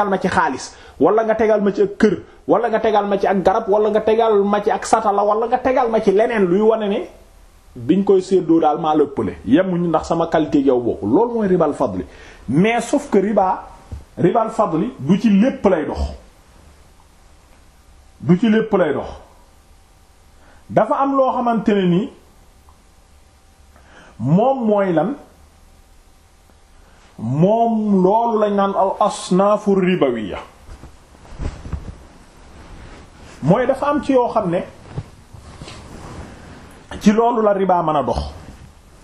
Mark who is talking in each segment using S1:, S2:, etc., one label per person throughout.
S1: tegal ma ci xaalis wala nga tegal ma ci kër wala nga tegal ma ci ak garab wala nga tegal ma ci ak satala wala nga tegal ma ci leneen luy wane ne biñ koy séddoo daal maa la ndax sama qualité yow bokk loolu mooy ribal fadli mais suuf que riba ribal fadli du ci lépp lay dox du ci lépp lay dox dafa am loo xamante ne ni moom mooy lan. moom loolu lañ naan aw al asnaafu ya mooy dafa am ci yoo xam ne ci loolu la ribaa mën a dox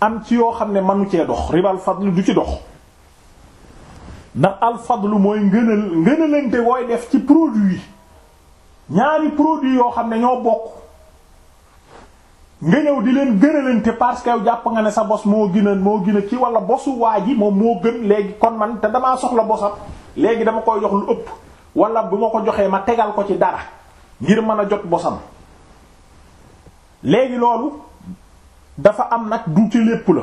S1: am ci yoo xam ne manu cee dox ribal fadlu du ci dox ndax al fadlu mooy ngënal ngënalante wooy def ci produit yi ñaari produit yoo xam ne ñoo bokk nga ñëw di leen gëralante parce que yow jàpp nga ne sa bos moo gën moo gën ci kii bosu waa ji moom moo gën léegi kon man te damaa soxla bosam léegi dama koy jox lu ëpp wala bu ma ko joxee ma tegal ko ci dara ngir mën a jot bosam léegi loolu dafa am nag du ci lépp la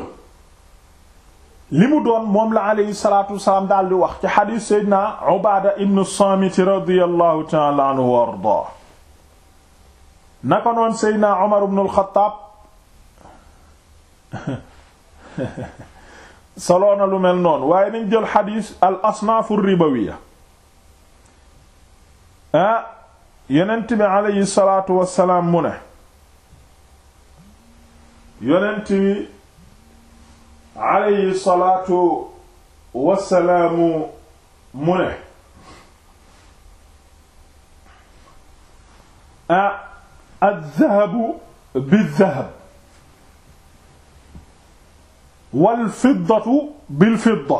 S1: li mu doon moom la aleyhi salaatu wasalaam daal di wax ci xadiis seydina Ubaada ibnu Saamit radiyallahu ta'ala anhu wa ardaa naka noon seydna Omar ibn al-Khattab soloona lu mel noonu waaye nañ jël xadiis al asnaafu ribawiya ah yonent bi aleyhi salaatu wassalaam mu ne yonent bi aleyhi salaatu wassalaamu mu ne ah addahabu bildahab walfiddatu bilfidda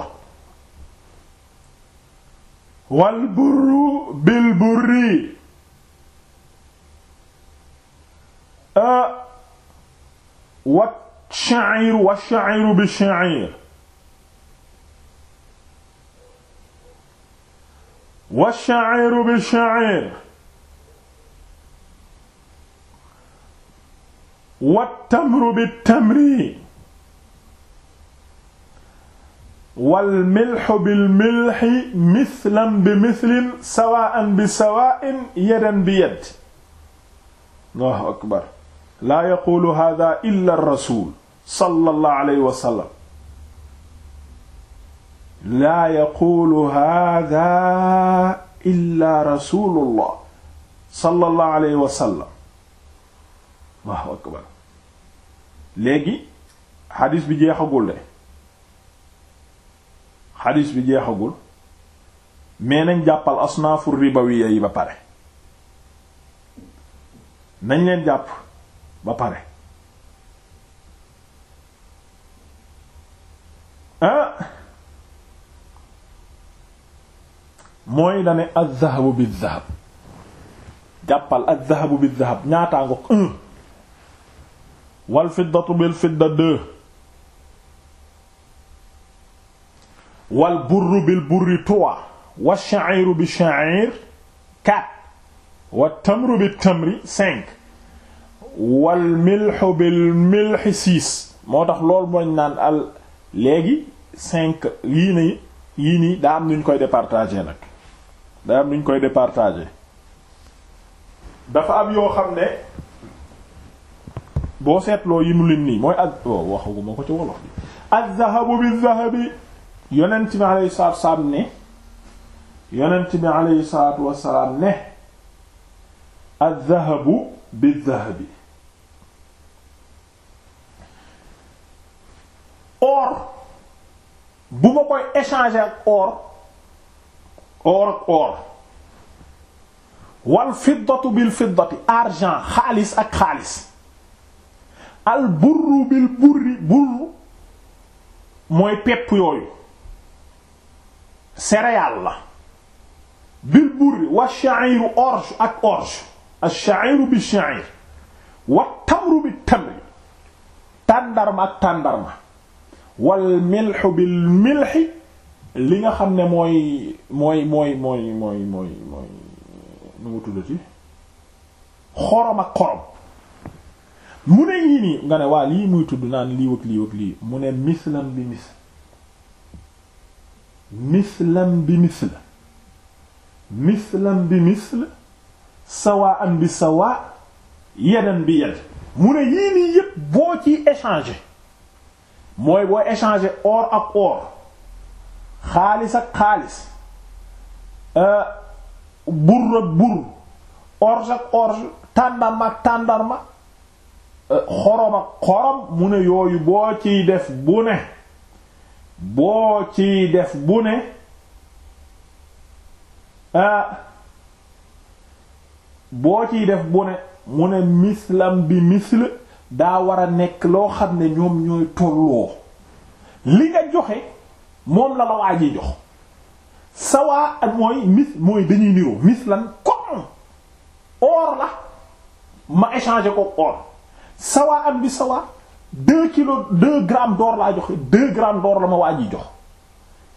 S1: walburru bilburri wachaciru wachaciru bichacir wachaciru bichacir wa tamru bi tamri wal milxu bil milxi mislan bi mislin sawaan bi sawain yadan bi yad allahu akbar laa yaquulu hada illa rasul sallallahu alayhi wa sallam laa yaquulu hada illa rasulullah sallallahu alayhi wa sallam allahu akbar léegi xadis bi jeexagul de xadis bi jeexagul mais nañ jàppal asnaafu ribawiya yi ba pare nañ leen jàpp ba pare ah mooy dane al dhahabu bi dhahab jàppal al dhahabu bi dhahab ñaataa wal fiddatu bil fidda deux wal burru bil burri trois wa sha'iru bi sha'ir quatre wa tamru bi tamri cinq wal milxu bil milxi moo tax lool mooñ naan al léegi cinq yii nii yii nii daa am nuñ koy départager nag daa am nuñ koy départager dafa am yoo xam ne boo seetloo yi nu lim nii mooy ak oh, waxuma ko ci wolof bi az-zahabu bi alayhi salaatu wasalaam ne yonent bi ne az-zahabu biz-zahabi or bu ma koy échanger ak or or ak or wal fiddatu bil fiddati argent xaalis ak xaalis al burru bil burri burru mooy pepp yooyu céréale la bil burri wa sha'iru orge ak orge ash-sha'iru bi sha'ir wa tamru bi tamri tàndarma ak tàndarma wal milhu bil milhi li nga xam ne mooy mooy mooy mooy mooy mooy mooy nu mu tuddati xorom ak xorom mu ne ñii nii nga ne waa lii muy tudd naan lii wëg lii wëg lii mu ne mislam bi misl mislam bi misl mislam bi bi sawaa yadan bi yad mu ne yii nii yépp boo ci échanger mooy boo échanger or ak or xaalis ak xaalis euh, bur ak bur orge ak orge tàndarma ak tàndarma xorom ak xorom mu ne yooyu boo ciy def bu ne boo ciy def bu ne boo ciy def bu ne mu ne mislam bi misl daa war a nekk loo xam ne ñoom ñooy tolloo li nga joxe moom la la waa ji jox sawaa ak mooy mis mooy dañuy niroo mislan comme or la ma échanger ko or sawa am bi sawa deux kilo deux grammes d'or laa joxe deux grammes d'or la ma waa ji jox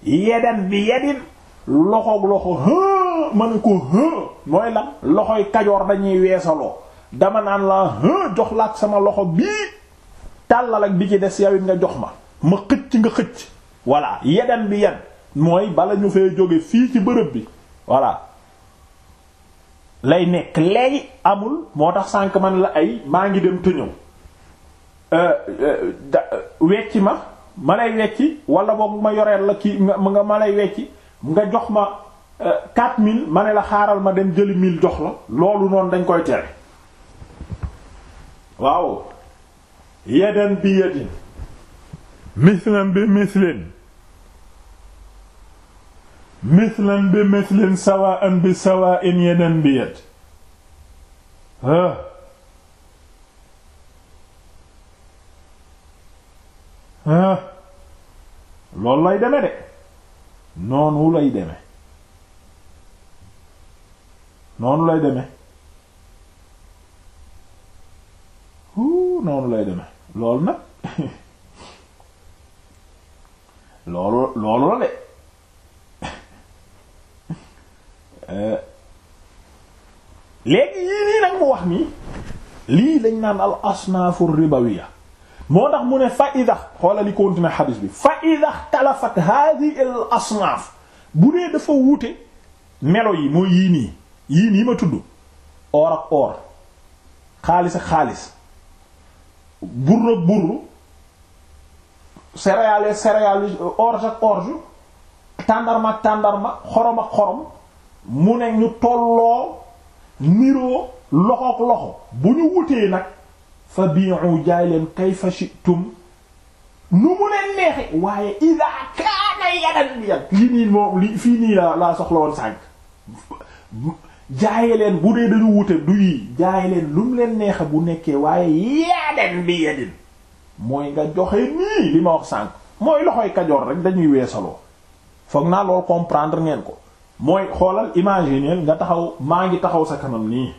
S1: yeden bi yedin loxoog loxo hë ma ne ko hë mooy lan loxoy kajoor dañuy weesaloo dama naan la hë jox laak sama loxo bii tàllal ak bi ci des yawit nga jox ma ma xëcc nga xëcc voilà yeden bi yed mooy bala ñu fee jóge fii ci bërëb bi voilà lay nekk léegi amul moo tax sànq man la ay maa ngi dem te ñëw euh, euh, euh, wecci ma ma lay wecci wala boobu ma yoreel la kii nga ma lay wecci nga jox ma 4000 ma ne la xaaral ma dem jëli 1000 jox la loolu noonu dañ koy tere waaw yadan bi yadin mislan bi mislin mithlan bi mithlin sawaan bi sawaan yadan bi yad ha ha loolu lay deme de noonu lay deme noonu lay deme huu noonu lay deme loolu nag loolu loolu la de Euh, léegi yii nii nag mu wax nii lii lañ naan al asnaafu ribawiya moo tax mu ne fa ida xoola li continuer xadis bi fa ida talafat hadihi asnaaf bu dee dafa wuute melo yi mooy yii nii yii nii ma tudd or ak or xaalis ak xaalis burr burr céréales céréales orge ak orge tàndarma ak tàndarma xorom xorom mu ne ñu tolloo niroo loxook loxo bu ñu wutee nag fa bi'u jaay leen kayfa shi'tum nu mu leen neexe waaye ida kaana yadan bi yàgg fii nii laa soxla woon sànk jaaye leen bu dee dañu wute du yi jaaye leen lu mu leen neexe bu nekkee waaye yadan bi yadin mooy nga joxe nii li ma wax sànk mooy loxoy kajoor rek dañuy weesaloo foog naa loolu comprendre ngeen ko mooy xoolal imaginer nga taxaw maa ngi taxaw sa kanam nii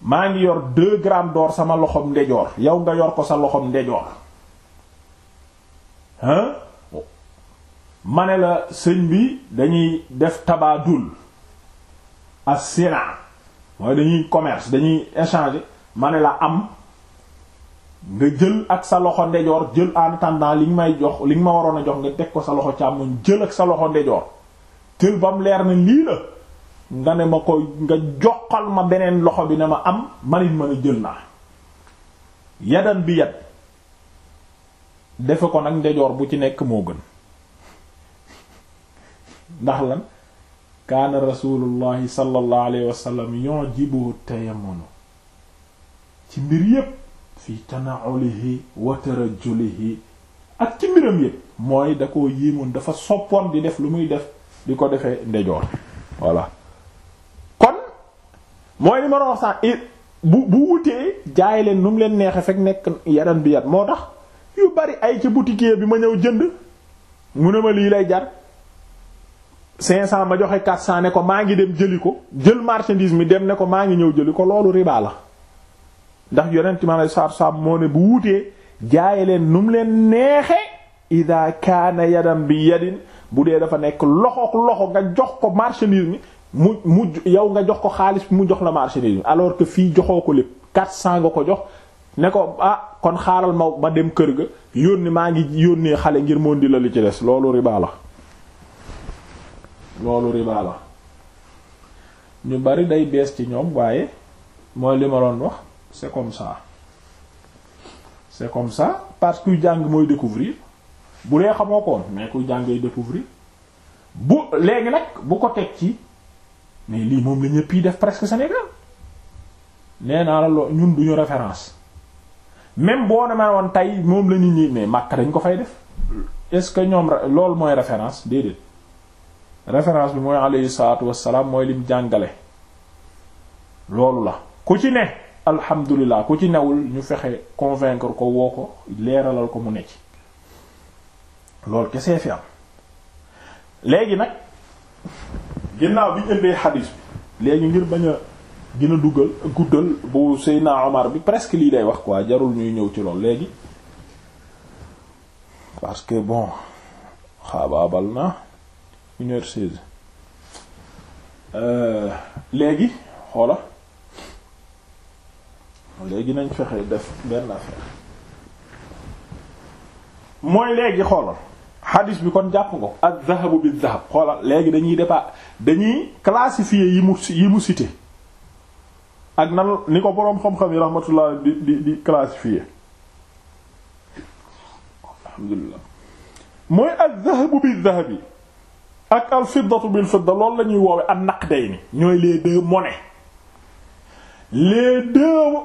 S1: maa ngi yor deux gramme door sama loxom ndejoor yow nga yor ko sa loxom ndejoor hein ma ne la sëñ bi dañuy def tabaadul as-sina mooy dañuy commerce dañuy échanger ma ne la am nga jël ak sa loxo ndejoor jël en attendant li nga may jox li nga ma waroon a jox nga teg ko sa loxo càmmoñ jël ak sa loxo ndejoor tël ba mu leer ne lii la nga ne ma ko nga joxal ma beneen loxo bi ne ma am manit ma ne jël naa yadan bi yat defe ko nag ndejoor bu ci nekk moo gën ndax lan kaana rasulullahi sallallahu alayhi wasallam yujibuhu tayammunu ci mbir yépp fi tanaulihi wa tarajjulihi ak ci mbiram yépp mooy da ko yéemoon dafa soppoon di def lu muy def di ko defee ndejoor voilà kon mooy li ma wax sax bu bu wutee jaay leen nu mu leen neexe fekk nekk yadan bi moo tax yu ci boutique bi ma ñëw jënd mu ne ma lii lay jar 500 ma joxe 400 ko maa ngi dem jëli ko jël marchandise mi dem ne ko maa ngi ñëw jëli ko loolu riba ndax yonent ma lay saab moo ne bu wutee jaaye leen nu leen neexe ida kaana yadan bi yadin bu dee dafa nekk loxook loxo nga jox ko marchandise mi mu mu yow nga jox ko xaalis mu jox la marchandise mi alors que fii joxoo ko lépp 400 nga ko jox ne ko ah kon xaaral ma ma dem kër ga yónni maa ngi yónnee xale ngir moon di la li ci des loolu riba la loolu riba la ñu bari day bees ci ñoom waaye mooy li ma doon wax c'est comme ça c'est comme ça parce que jàng mooy découvrir bu lee xamoo koon mais kuy jàngay découvrir bu léegi nag bu ko teg ci mais lii moom la ñëpp yi def presque Sénégal nee naa la loo ñun duñu référence même boo demee woon tey moom la nit ñi mais Makka dañ ko fay def est-ce que ñoom loolu mooy référence déedéet référence bi mooy alayhi salaatu salaam mooy lim jàngale loolu la ku ci ne alhamdulilah ku ci newul ñu fexe convaincre ko woo ko leeralal ko mu nekk. loolu kesee fi am léegi nag ginnaaw bi ñu indee bi léegi ngir bañ a gën a dugal guddal bu Seydina Omar bi presque lii lay wax ko waa jarul ñuy ñëw ci lool léegi parce que bon xaabaabal na une heure seize euh, léegi xoola léegi nañ fexe def benn affaire mooy léegi xoolal xadis bi kon jàpp ko ak zahabu bi zahab xoolal léegi dañuy départ dañuy classifier yi mu yi mu cité ak na ni ko boroom xam-xam yi rahmatullah di di di classifier alhamdulillah mooy ak zahabu bi zahabi ak al fiddatu bil fidda loolu lañuy ñuy woowe ak naqdayni ñooy les deux monnaies les deux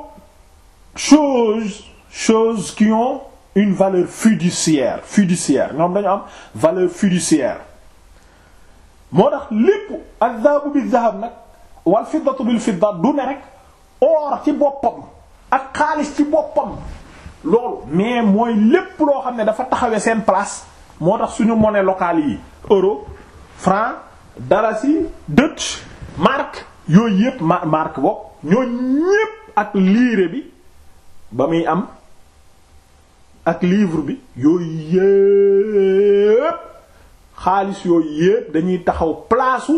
S1: choses choses qui ont une valeur fiduciaire fiduciaire ñoom dañu am valeur fiduciaire moo tax lépp ak dahabu bi dahab nag wal fiddatu bil fidda du ne rek or ci boppam ak xaalis ci boppam loolu mais mooy lépp loo xam ne dafa taxawe seen place moo tax suñu monnaie locale yi euro franc dalasi dëcc marque yooyu yépp marque bopp ñoo ñépp ak liire bi ba muy am ak livre bi yooyu yépp xaalis yooyu yépp dañuy taxaw palaasu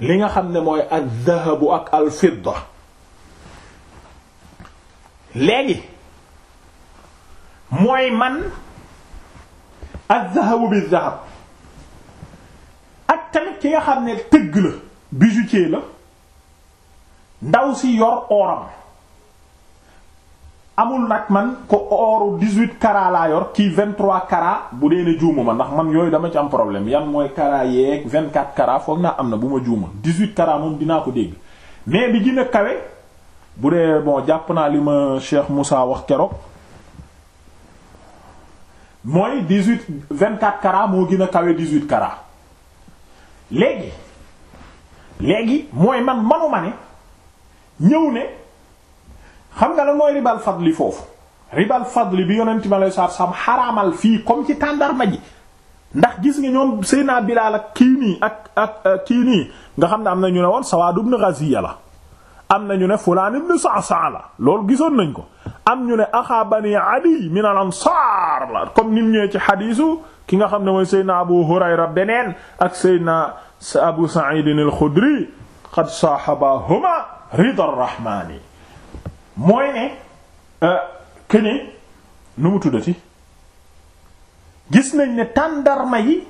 S1: li nga xam ne mooy al dahabu ak al fidda léegi mooy man al dahabu bi dahab ak tamit ki nga xam ne tëgg la bijoutier la ndaw si yor oram amul nag man ko ooru dix-huit carats laa yor kii vingt-trois carats bu dee ne juumu ma ndax man yooyu dama ci am problème yan mooy carats yeeg vingt-quatre carats foog naa am na bu ma juuma dix-huit carats moom ko dégg mais bi gën a bu dee jàpp naa li ma Moussa wax keroog mooy dix-huit vingt-quatre carats moo gën a kawe dix-huit carats léegi léegi mooy man manu ma ne ñëw ne xam nga la mooy ribal fadli foofu ribal fadli bi yonent ma lay saa sam xaraamal fii comme ci tàndarma ji ndax gis nga ñoom Seyna Bilaal ak kii nii ak ak kii nii nga xam ne am na ñu ne woon Sawaad ibn Ghaziya la am na ñu ne Fulaan ibn Sa'sa la loolu gisoon nañ ko am ñu ne axaa Bani Adi min al Ansaar la comme nim ñëwee ci xadiisu ki nga xam ne mooy Seyna Abu Hurayra beneen ak Seyna Abu Sa'id al-Khudri qad saahabahuma rida rahmaani mooy ne këne euh, nu mu tuddati gis nañ ne tàndarma yi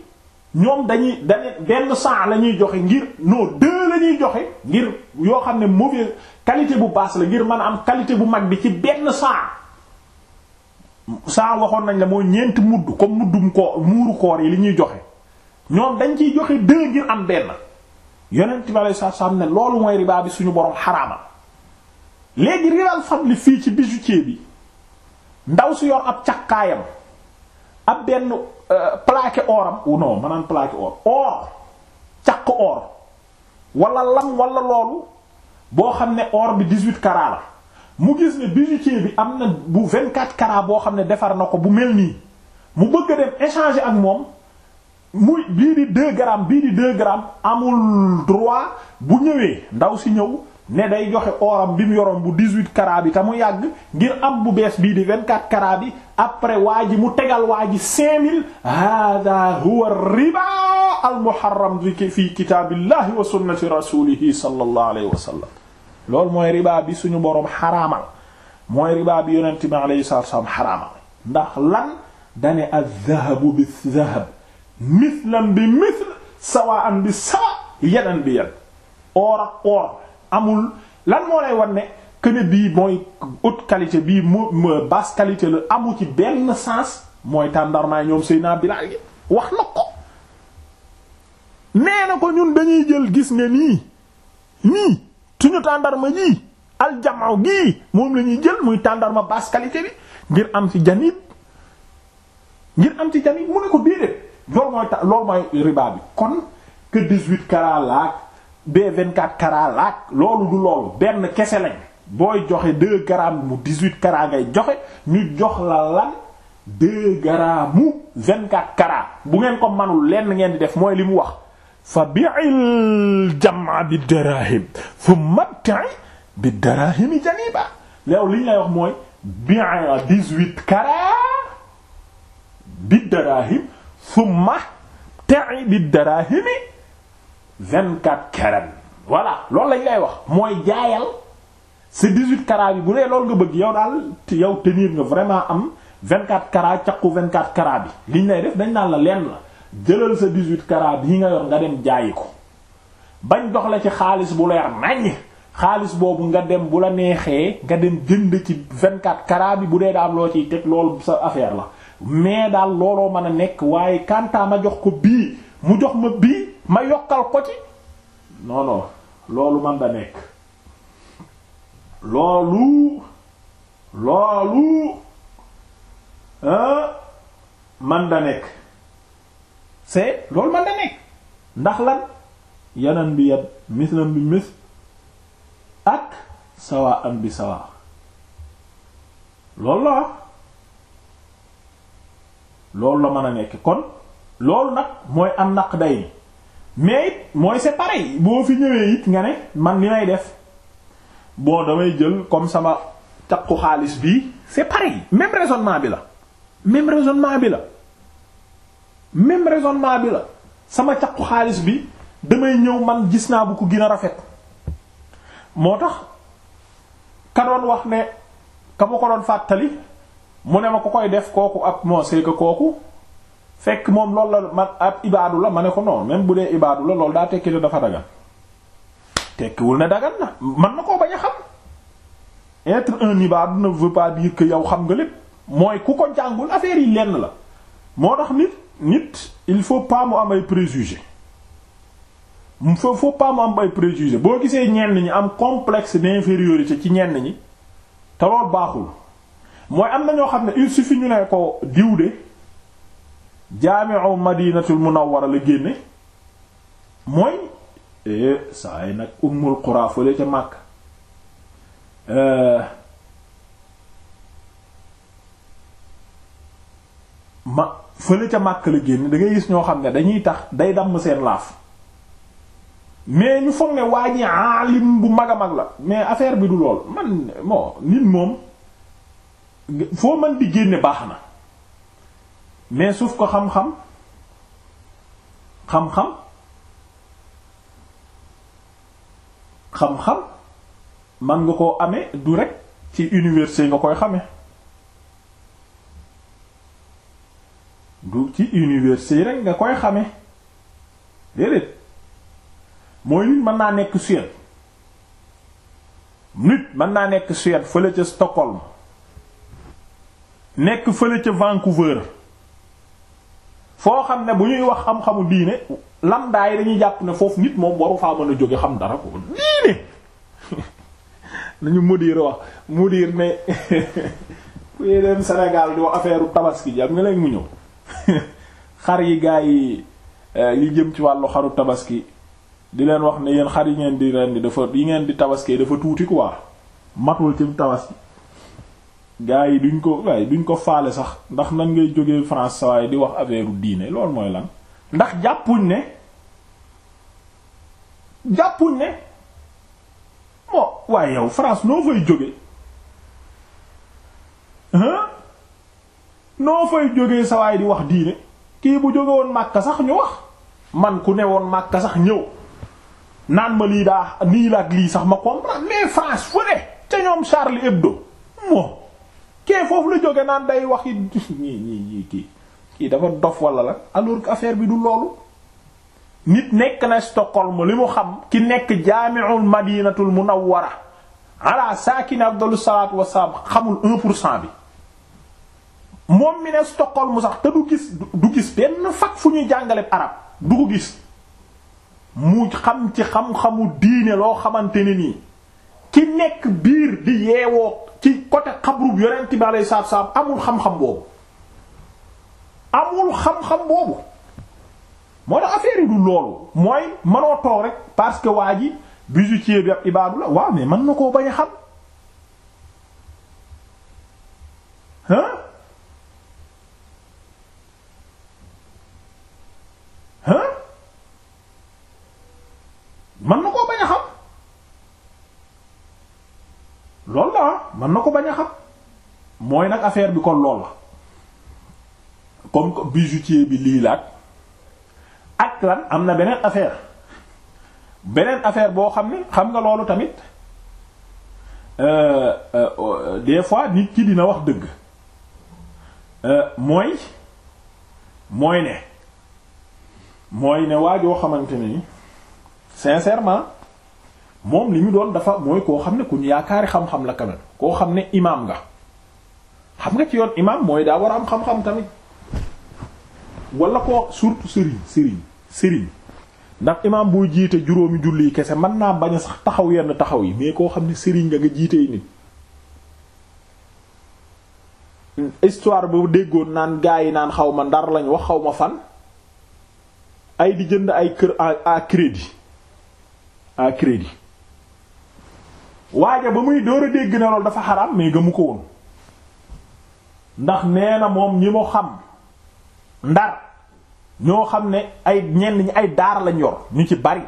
S1: ñoom dañuy dañuy benn sang la ñuy joxe ngir non deux la ñuy joxe ngir yoo xam ne mauvaise qualité bu basse la ngir mën am qualité bu mag bi ci benn sang. saa waxoon nañ la mooy ñeent mudd comme muddum ko muuru koor yi li ñuy joxe ñoom dañ ciy joxe deux ngir am benn yonent bi sallallahu alayhi wasallam ne loolu mooy riba bi suñu borom xaraama léegi riral fadli fii ci bijoutier bi ndaw si yor ab càkkaayam ab benn euh, plaqué oram ou non maanaam plaqué or or càq or wala lam wala loolu boo xam ne or bi 18 carats la mu gis ne bijoutier bi am na bu 24 carats boo xam ne defar na ko bu mel nii mu bëgg a dem échanger ak moom muy bii di 2 grammes bii di 2 grammes amul droit bu ñëwee ndaw si ñëw. ne day joxe oram bi mu yoroon bu 18 carats bi te mu yàgg ngir am bu bees bii di 24 carats bi après waa ji mu tegal waa ji 5000 hada huwa riba al muharram fi kitaabillahi wa sunnati rasulihi sallallahu alayhi wa sallam loolu mooy riba bi suñu borom xaraamal mooy riba bi yonent bi alayhi salaatu wasallam xaraamal ndax lan dane az-zahabu biz-zahab mithlan bi mithl sawa'an bi sawa' yadan bi yad or ak amul lan moo lay wan ne que ne bii mooy haute qualité bii mu basse qualité la amu ci benn sens mooy tàndarmaay ñoom Seydina Bilaal gi wax na ko nee na ko ñun dañuy jël gis nga nii nii suñu tàndarma ji aljamaaw gii moom la ñuy jël muy tàndarma basse qualité bi ngir am ci janib ngir am ci janib mu ne ko déedéet loolu mooy ta loolu mooy riba bi kon que 18 carats la vingt 24 carats laaj loolu du loolu benn kese lañ booy joxe 2 grammes mu 18 carats ngay joxe ñu jox la lan 2 grammes mu 24 carats bu ngeen ko manul lenn ngeen di def mooy li mu wax fa bi'il jam'a bi darahim fu mabta'i bi darahimi wax mooy bi'a 18 carats bi vingt-quatre carats voilà loolu lañ lay wax mooy jaayal sa dix-huit carats bu dee loolu nga bëgg yow daal yow te niir nga vraiment am vingt-quatre carats caqu vingt-quatre carats bi liñ lay def dañ naan la lenn la jëlal sa dix-huit carats yi nga yor nga dem jaayi ko bañ dox la ci xaalis bu leer naññ xaalis boobu nga dem bu la neexee nga dem jënd ci vingt-quatre carats bi bu dee daal loo ciy teg loolu sa affaire la mais daal looloo mën a nekk waaye kantaa ma ko bii mu jox ma bii ma yokkal ko ci non loolu man da nekk loolu loolu man da nekk c'est loolu man da nekk ndax lan yanan bi yad mislan bi mis ak sawa am bi sawa loolu la loolu mën a nekk kon loolu nag mooy am naq day mais it mooy c'est pareil boo fi ñëwee it nga ne man li may def boo damay jël comme sama caqu xaalis bi c'est pareil même raisonnement bi la même raisonnement bi la même raisonnement bi la sama caqu xaalis bi damay ñëw man gis naa bu ko gin a rafet moo tax ka doon wax ne ka ma ko doon fàttali mu ne ma ko koy def kooku ak moo c'est kooku fekk moom loolu la ma ab ibaadu la ma ne ko non même bu dee ibaadu la loolu daa tekki ne dafa dagan tekkiwul ne dagan na man na koo bañ a xam être un ibaadu ne veut pas dire yow xam nga lépp mooy ku ko jàngul affaire yi lenn la moo tax nit nit il faut pas mu am ay préjugés il faut pas mu am ay préjugés boo gisee ñenn ñi am complexe d'infériorité ci ñenn ñi te loolu baaxul mooy am na ñoo xam ne il suffit ñu ne ko diw de. jaami'u madinatul munawwara la génne mooy eh, saa yi nag ummul xuraa fële ca Makka eh, ma fële ca Makka la génne da gis ñoo xam ne dañuy tax day damm seen laaf mais ñu foog ne waa ji aalim bu mag a mag la mais affaire bi du lool man bon nit moom foo mën di génne baax na mais suuf ko xam-xam xam-xam xam-xam man nga koo amee du rek ci université nga koy xamee du ci université rek nga koy xamee déedéet mooy nit mën naa nekk Suède nit mën naa nekk Suède fële ca Stockholm nekk fële ca Vancouver foo xam ne bu ñuy wax xam-xamu diine lamdaa yi dañuy jàpp ne foofu nit moom waru faa mën a jóge xam dara ko diine nañu mudir wax mudir ne ku yee dem Sénégal di affaire tabaski ji am nga léegi mu ñëw xar yi gaa yi eh, yi jëm ci wàllu xaru tabaski di leen wax ne yéen xar yi ngeen di rendi dafa yi ngeen di tabaski dafa tuuti quoi matul ci tabaski gaa yi duñ ko waaye duñ ko faale sax ndax nan ngay jógee France sawaay di wax affaire diine loolu mooy lan ndax jàppuñ ne jàppuñ ne bon waaye yow France noo fay jóge hein noo fay jógee sawaay di wax diine kii bu jóge woon sax ñu wax man ku ne woon Makka sax ñëw naan ma lii daa nii la ak lii sax ma comprendre mais France fu ne ca ñoom Charlie Hebdo mo kee foofu la jóge naan day wax yi ñii ñii kii kii dafa dof wala la alors que affaire bi du loolu nit nekk na Stockholm li mu xam ki nekk jaami'ul madinatul munawwara ala saakini afdalu salaatu wassalaam xamul un pour cent bi moom mi ne Stockholm sax te du gis du gis benn fac fu ñuy jàngale arab du ko gis mu xam ci xam-xamu diine loo xamante ne nii ci nekk biir di yeewoo ci côté xabrub yonent bi aleyhi salaatu salaam amul xam-xam boobu amul xam-xam boobu moo tax affaire du loolu mooy mënoo toog rek parce que waa ji bijoutier bi ab ibaadu la waaw mais mën na koo bañ a na koo bañ a xam loolu la mën na ko bañ a xam mooy nag affaire bi kon lool la comme que bi lii laat ak lan am na beneen affaire beneen affaire boo xam ne xam nga loolu tamit euh, euh, des fois nit ki dina wax dëgg euh, mooy mooy ne mooy ne waa joo xamante ni sincèrement. moom li mu doon dafa mooy koo xam ne ku ñu yaakaari xam-xam la quand koo xam ne imaam nga xam nga ci yoon imaam mooy daa war a am xam-xam tamit wala ko surtout sëriñ sëriñ sëriñ ndax imaam boo jiite juróomi julli kese mën naa bañ a sax taxaw yenn taxaw yi mais koo xam ne sëriñ nga nga jiite nit. histoire bu déggoon naan gaa yi naan xaw ma ndar lañu wax xaw ma fan ay di jënd ay kër à crédit à crédit. waaja ba muy door a dégg na loolu dafa xaraam mais gëmu ko woon ndax nee na moom ñi mu xam ndar ñoo xam ne ay ñenn ñi ay daara lañ yor ñu ci bari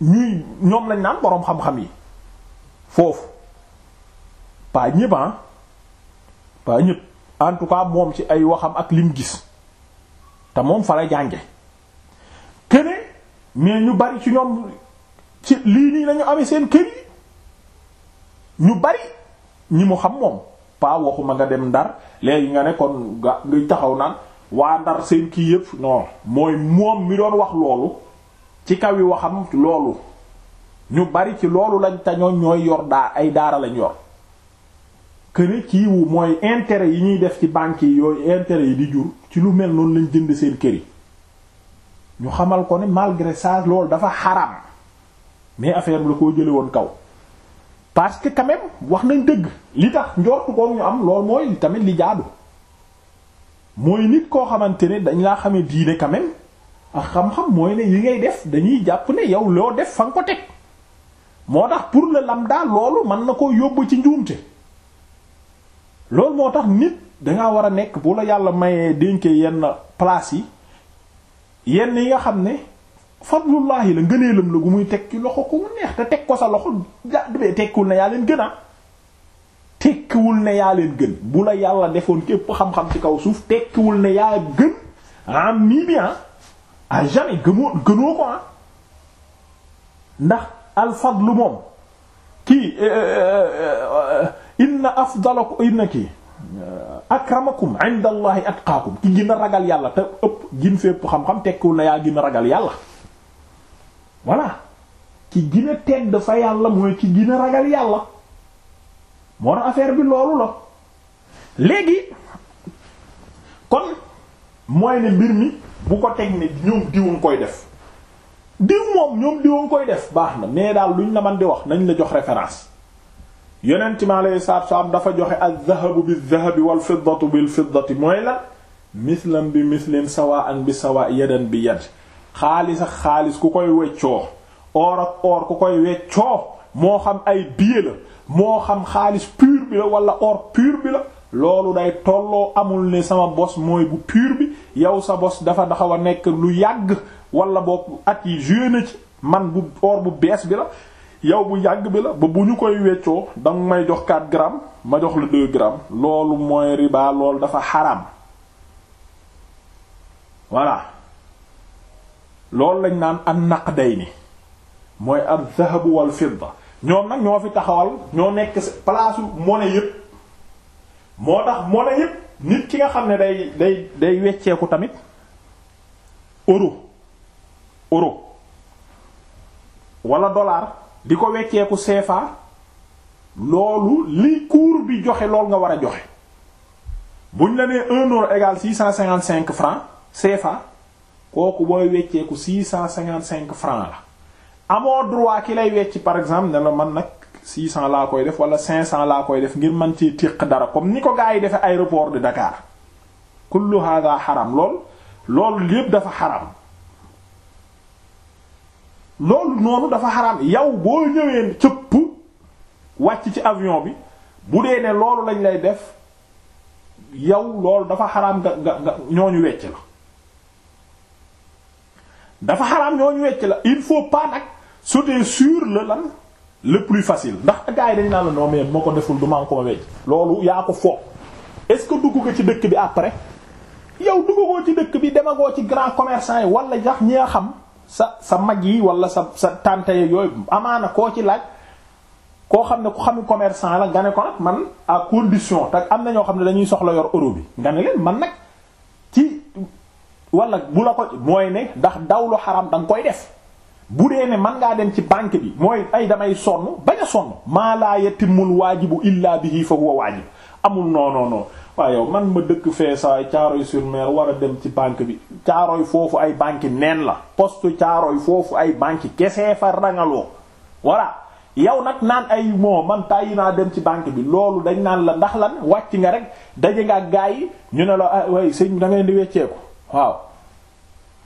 S1: ñuy ñoom lañ naan boroom xam-xam yi foofu pas ñëpp ah pas ñëpp moom ci ay waxam ak lim gis te moom fa la jànge kene mais ñu bari ci ñoom ci lii nii lañu amee seen kër ñu bari ñi mu xam moom pa waxuma nga dem ndar léegi nga ne kon nga ngay taxaw naan waa ndar seen kii yëpp non mooy moom mi doon wax loolu ci kaw waxam loolu ñu bari ci loolu lañ tañoo ñooy yor daa ay daara lañ yor këne kii wu mooy intérêt yi ñuy def ci banques yi yooyu intérêt yi di jur ci lu mel noonu lañ jënd seen kër yi ñu xamal ko ne malgré ça loolu dafa xaram mais affaire bi la koo jële woon kaw parce que quand wax nañ dëgg li tax njortu boobu ñu am loolu mooy tamit li jaadu mooy nit koo xamante ne dañ laa xamee diine quand même ak xam-xam mooy ne yi ngay def dañuy jàpp ne yow loo def fa nga ko teg moo tax pour la le daal loolu mën na koo yóbbu ci njuumte loolu moo tax nit danga war a nekk bu la yàlla mayee dénkee yenn place yi yenn yi nga xam ne fadlullahi la ngëneelam la gu muy teg ci loxo ko mu neex te teg ko sa loxo ja dubee tekkiwul ne yaa leen gën ah tekkiwul ne yaa leen gën bu la yàlla defoon képp xam ci kaw suuf tekkiwul ne yaa gën am nii bi ah à jamais gëmoo gënoo ko ah ndax alfadlu moom kii eh, eh, eh, inna afdalakum inna kii akramakum inda allahi atqaakum ki gën a ragal yàlla te ëpp gin fépp xam-xam tekkiwul ne yaa gën a ragal yàlla voilà ki gën a tedd fa yàlla mooy ki gën a ragal yàlla moo tax affaire bi loolu la léegi kon mooy ne mbir mi bu ko teg ne ñoom diwuñ koy def diw moom ñoom diwuñ koy def baax na mais daal lu ñu la man di wax nañ la jox référence yonent mi alayhi salaatu salaam dafa joxe az-zahabu bi zahabi wal-fiddatu bi fiddati mooy la mislan bi mislin sawa'an bi sawa' yadan bi yad xaalis ak xaalis ku koy weccoo or ak or ku koy weccoo moo xam ay billet la moo xam xaalis pur bi la wala or pur bi la loolu day tolloo amul ne sama bos mooy bu pur bi yow sa bos dafa daxaw a nekk lu yàgg wala boo at yi joué ci man bu or bu bees bi la yow bu yàgg bi la ba bu ñu koy weccoo danga may jox 4 grammes ma jox la 2 grammes loolu mooy riba loolu dafa xaram voilà loolu lañ naan an naqdayni mooy al dhahabu wal fidda ñoom nag ñoo fi taxawal ñoo nekk place monnaie yépp moo tax monnaie yépp nit ki nga xam ne day day day wecceeku tamit euro euro wala dollar di ko wecceeku CFA loolu li cours bi joxe lool nga war a joxe buñ la nee un euro égal six cent cinquante cinq francs CFA kooku booy wecceeku six cent cinquante cinq francs la amoo droit ki lay wecc par exemple ne la man nag six cent laa koy def wala cinq cent laa koy def ngir man ci tiq dara comme ni ko gaa yi defee aéroport de Dakar kullu hada xaram lool loolu lépp dafa xaram loolu noonu dafa xaram yow boo ñëwee cëpp wàcc ci avion bi bu dee ne loolu lañ lay def yow loolu dafa xaram nga nga nga ñooñu wecc la dafa xaraam ñooñu wecc la il faut pas nag sauter sur le lan le plus facile ndax gars yi dañ naan la non mais moo ko deful du maa ko ma wecc loolu yaa ko foog est-ce que dugg ko ci dëkk bi après yow duggagoo ci dëkk bi demagoo ci grand commerçant yi wala sax ñi nga xam sa sa mag yi wala sa sa tante yooyu amaana koo ci laaj koo xam ne ku xam commerçant la nga ne ko nag man à condition te am na ñoo xam ne dañuy soxla yor euro bi nga ne leen man nag wala bu la ko mooy ne ndax daw lu xaram da koy def bu dee ne man ngaa dem ci banque bi mooy ay damay sonn bañ a sonn maa laa yatimul waajibu illaa bihi fa huwa waajib amul non non non waaye yow man ma dëkk fee saa caaroy sur war a dem ci banque bi caaroy foofu ay banque neen la poste caaroy foofu ay banque kese fa rangaloo voilà yow nag naan ay moo man tàyyi naa dem ci banque bi loolu dañ naan la ndax lan wàcc nga rek daje nga ak yi ñu ne la ah way sëñ da ngay di waaw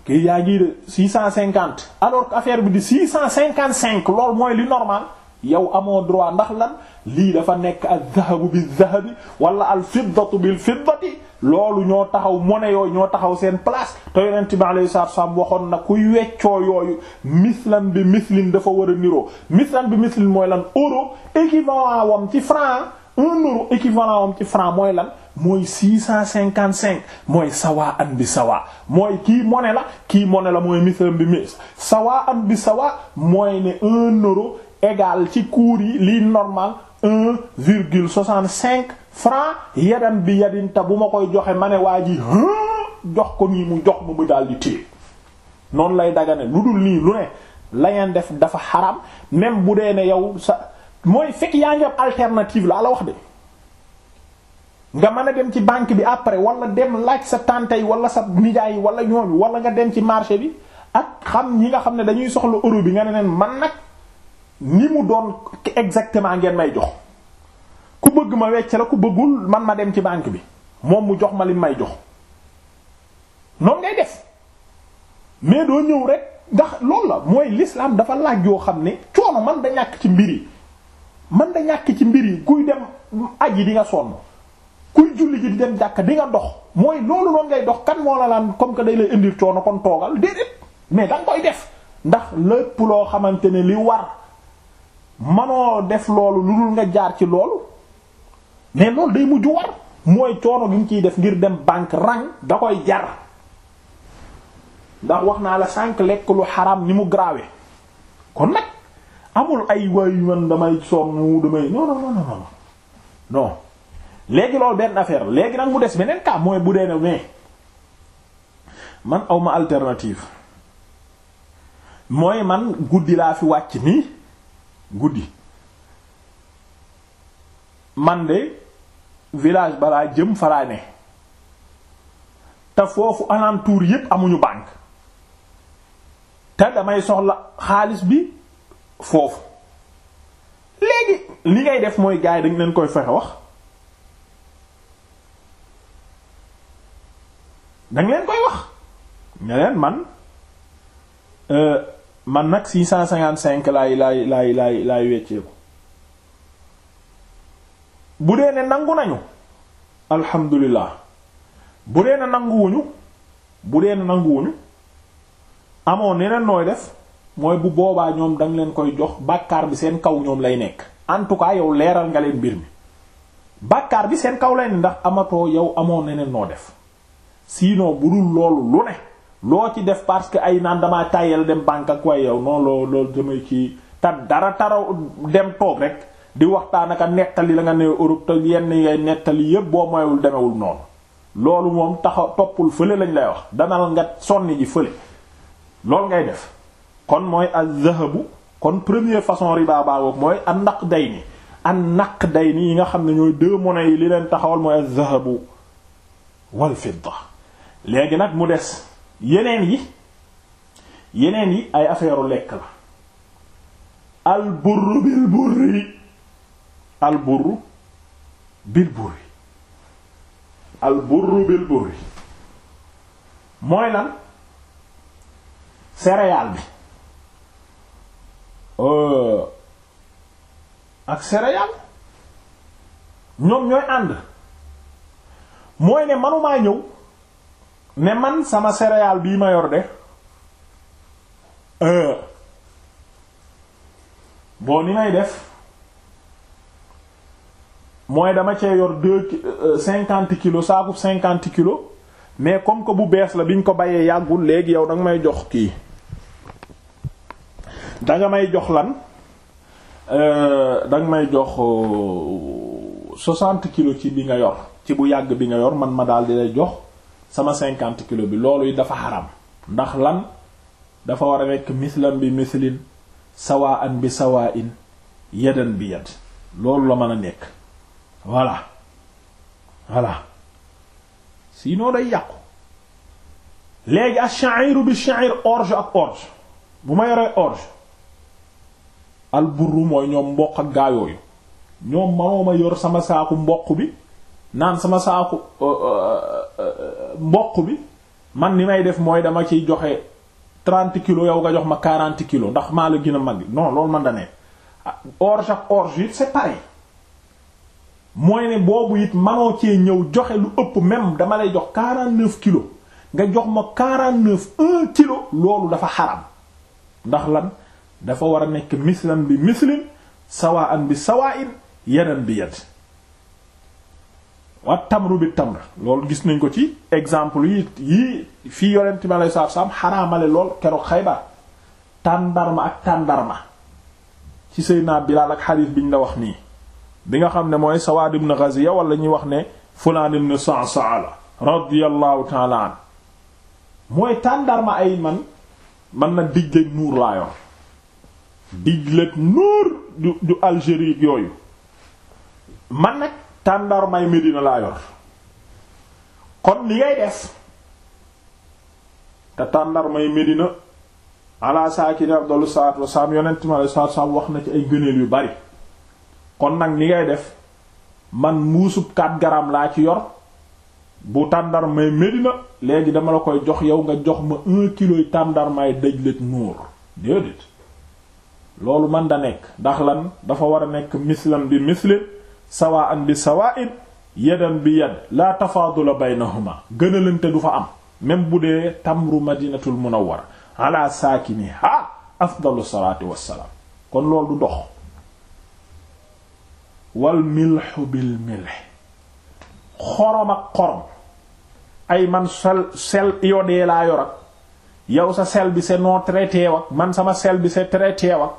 S1: kii yaa ngi de six cent cinquante alors que affaire bi di six cent cinquante cinq loolu mooy li normal yow amoo droit ndax lan lii dafa nekk al dhahabu bil dhahabi wala al fiddatu bil fiddati loolu ñoo taxaw monnaie yooyu ñoo taxaw seen place te yonent bi alayhi salaatu wasallam waxoon na kuy weccoo yooyu mislan bi mislin dafa war a niroo mislan bi mislin mooy lan euro équivalent wam ci franc un euro équivalent wam ci franc mooy lan mooy six cent cinquante cinq mooy sawa an bi sawa mooy kii monnaie la kii monnaie la mooy misram bi mis sawa an bi sawa mooy ne un euro égal ci cours yi lii normal un virgule soixante cinq franc yadan bi yarinta bu ma koy joxe ma ne waa ji jox ko nii mu jox ma mu daal di téye noonu lay dagane lu dul nii lu ne la def dafa xaram même bu dee ne yow sa mooy fekk yaa ngi alternative la la wax de nga mën a dem ci banque bi après wala dem laaj sa tante yi wala sa nijaay yi wala ñooñu wala nga dem ci marché bi ak xam ñi nga xam ne dañuy soxla euro bi nga ne leen man nag ni mu doon exactement ngeen may jox ku bëgg ma wecc la ku bëggul man ma dem ci banque bi moom mu jox ma li may jox noonu ngay def mais doo ñëw rek ndax loolu la mooy l'islam dafa laaj yoo xam ne coono man da ñàkk ci mbir yi man da ñàkk ci mbir yi kuy dem aji di nga kuy julli ji di dem jàkka di nga dox mooy loolu noonu ngay dox kan moo la laan comme que day lay indil coono kon toogal déedéet mais da koy def ndax lëpp loo xamante ne li war manoo def loolu nga jaar ci loolu mais loolu day mooy coono gi nga ciy def ngir dem banque rang da koy jar ndax wax naa la sànq lekk lu xaram ni mu grave kon nag amul ay waayu man damay sonn damay non non non non. léegi loolu benn affaire léegi nag mu des beneen cas mooy bu dee ne mais man awma alternative mooy man guddi laa fi wàcc nii guddi man de village balaa jëm falaa te foofu alentour yépp amuñu banque te damay soxla xaalis bi foofu léegi li ngay def mooy gars yi dañ koy fexe wax danga leen koy wax ne leen man euh, man nag six cent cinquante-cinq laay laay laay laay laay wecceeku bu dee ne nangu nañu alhamdulilah bu dee ne nanguwuñu bu dee ne nanguwuñu amoon yeneen nooy def mooy bu boobaa ñoom danga leen koy jox bàkkaar bi seen kaw ñoom lay nekk en tout cas yow leeral nga leen mbir mi bàkkaar bi seen kaw lay ne ndax amatoo yow amoon yeneen noo def sinon bu dul loolu lu ne loo ci def parce que ay naan damaa tàyyal dem banque ak waaye yow non loo loolu damay kii te dara taraw dem toog rek di waxtaan ak nettali la nga ne Europe te yenn ngay nettali yépp boo moyul demewul noonu loolu moom taxa toppul fële lañ lay wax danal nga sonni ji fële loolu ngay def kon mooy a zahabu kon premier façon riba baagoog mooy an-naqd day ni an naq day ni yi nga xam ne ñooy deux monnaies yi li leen taxawal mooy a zahabu wal léegi nag mu des yeneen yi yeneen yi ay affaire lekk la al burru bil burri al burru bil burri al burru mooy lan céréale bi euh, ak céréale ñoom ñooy ànd mooy ne manumaa ñëw ne man sama céréale bii ma yor de euh, bon ni may def mooy dama cee yor deux euh, cinquante kilos saakub cinquante kilo mais comme que bu bees la biñ ko bayee yàggul léegi yow danga may jox kii danga may jox lan euh, danga may jox soixante kilos ci bi nga yor ci bu yàgg bi nga yor man ma daal di lay jox sama cinquante kilo bi loolu yi dafa xaram ndax lan dafa war a nekk mislan bi mislin sawaan bi sawain yadan bi yad loolu la mën a nekk voilà voilà sinon day yàqu léegi ash-sha'iru bi sha'ir orge ak orge bu ma yoree orge alburu mooy ñoom mboq ak gaayooyu ñoom manooma yor sama saaku mboq bi naan sama saaku euh, euh, euh, mboq bi man ni may def mooy dama ciy joxe 30 kilos yow nga jox ma 40 kilos ndax maa la gën a mag non loolu man da ne orge ak orge it c'est pareil mooy ne boobu it manoo cee ñëw joxe lu ëpp même dama lay jox 49 kilos nga jox ma 49 kilo loolu dafa xaram ndax lan dafa war a nekk mislan bi mislin sawaan bi sawaa'in yadan bi yad wa tamru bi tamr loolu gis nañ ko ci exemple yi yii fii yonent bi alei satu salaam xaraamale lool keroog Xaybar tàndarma ak tàndarma ci sëy Seydina Bilaal ak xadiis biñ la wax nii bi nga xam ne mooy Sawaad ibn Ghaziya wala ñuy wax ne fulaan ibn Sa'sa'a la radiyallahu ta'ala an mooy tàndarma ay man man na digleeg nuur laa yor digleeg nuur du Algérie yooyu man nag tàndarmay may Medina laa yor kon li ngay def te tàndar may Medina ala saakini abdalu salaatu wasalaam yonent mi alei salatu wasalaam wax na ci ay gëneel yu bari kon nag li ngay def man muusub 4 garam laa ci yor bu tàndarmay Medina léegi dama la koy jox yow nga jox ma un kilo yi tàndarmay dëjlet déedéet loolu man da nekk ndax lan dafa war a nekk mislam bi mislim sawaan bi sawaa'in yadan bi yad la tafaadula baynahuma gënalante du fa am même bu dee tamru madinatul munawwar ala saakini ha afdalu salaatu wassalaam kon loolu du dox wal milxu bil milx xorom ak xorom ay man sel sel iodee laa yor ak yow sa sel bi c'est non traité ak man sama sel bi c'est traité ak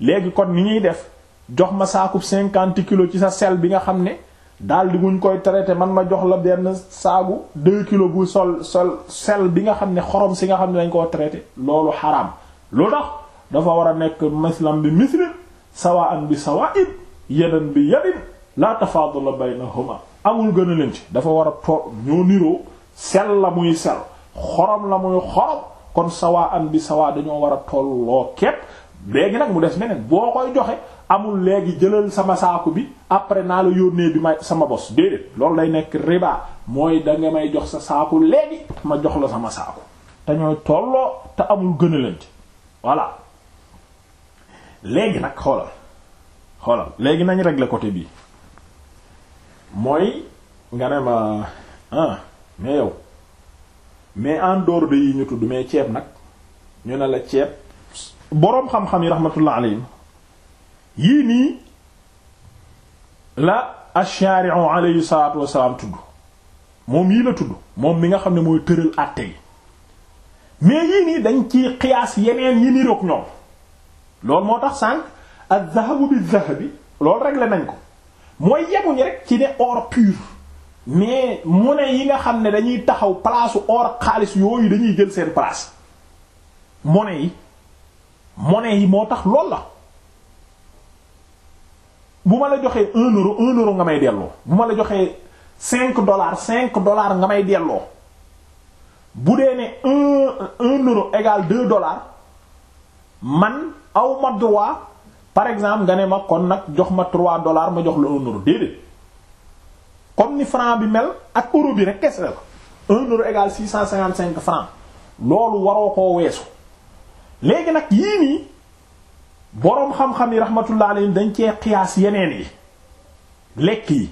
S1: léegi kon ni ñuy def jox ma saakub cinquante kilos ci sa sel bi nga xam ne daldi muñ koy traité man ma jox la benn saagu deux kilo bu sol sol sel bi nga xam ne xorom si nga xam ne dañ koo traité loolu xaram lu tax dafa war a nekk mislam bi mislin sawaan bi sawaa'in yadan bi yadin la tafaadula baynahuma amul gën a leen ci dafa war a toog ñoo niroo sel la muy sel xorom la muy xorom kon sawaan bi sawaa dañoo war a tolloo képp léegi nag mu des meneen boo koy joxe amul léegi jëlal sama saaku bi après naa la yónnee bi ma sama bos déedéet loolu day nekk riba mooy danga may jox sa saaku léegi ma jox la sama saaku te ñooy tolloo te amul gënalante voilà léegi nag xoolal xoolal léegi nañ régler côté bii mooy nga ne ma ah mais yow mais en dehors de yi ñu tudd mais ceeb nag ñu ne la ceeb. boroom xam-xam yi rahmatullah alayhim yii nii la ash-shari'u alayhi salatu wasalaam tudd moom yii la tudd moom mi nga xam ne mooy tëral àtte yi mais yii nii dañ ci qiyaas yeneen yi niroog ñoom loolu moo tax sànq az-zahabu bi zahabi loolu réglé nañ ko mooy yemuñu rek ci ne or pur mais mu yi nga xam ne dañuy taxaw place or xaalis yooyu dañuy jël seen place monnaie yi monnaie yi moo tax lool la bu ma la joxee un euro un euro nga may delloo bu ma la joxee cinq dollars cinq dollars nga may delloo bu dee ne un un euro égal deux dollars man aw ma droit par exemple nga ne ma kon nag jox ma trois dollars ma jox la un euro déedéet comme ni franc bi mel ak euro bi rek kese la un euro égal six cent cinquante cinq francs loolu waroo koo weesu. léegi nag yii nii boroom xam-xam yi rahmatullah alayhim dañ cee qiyaas yeneen yi lekk yi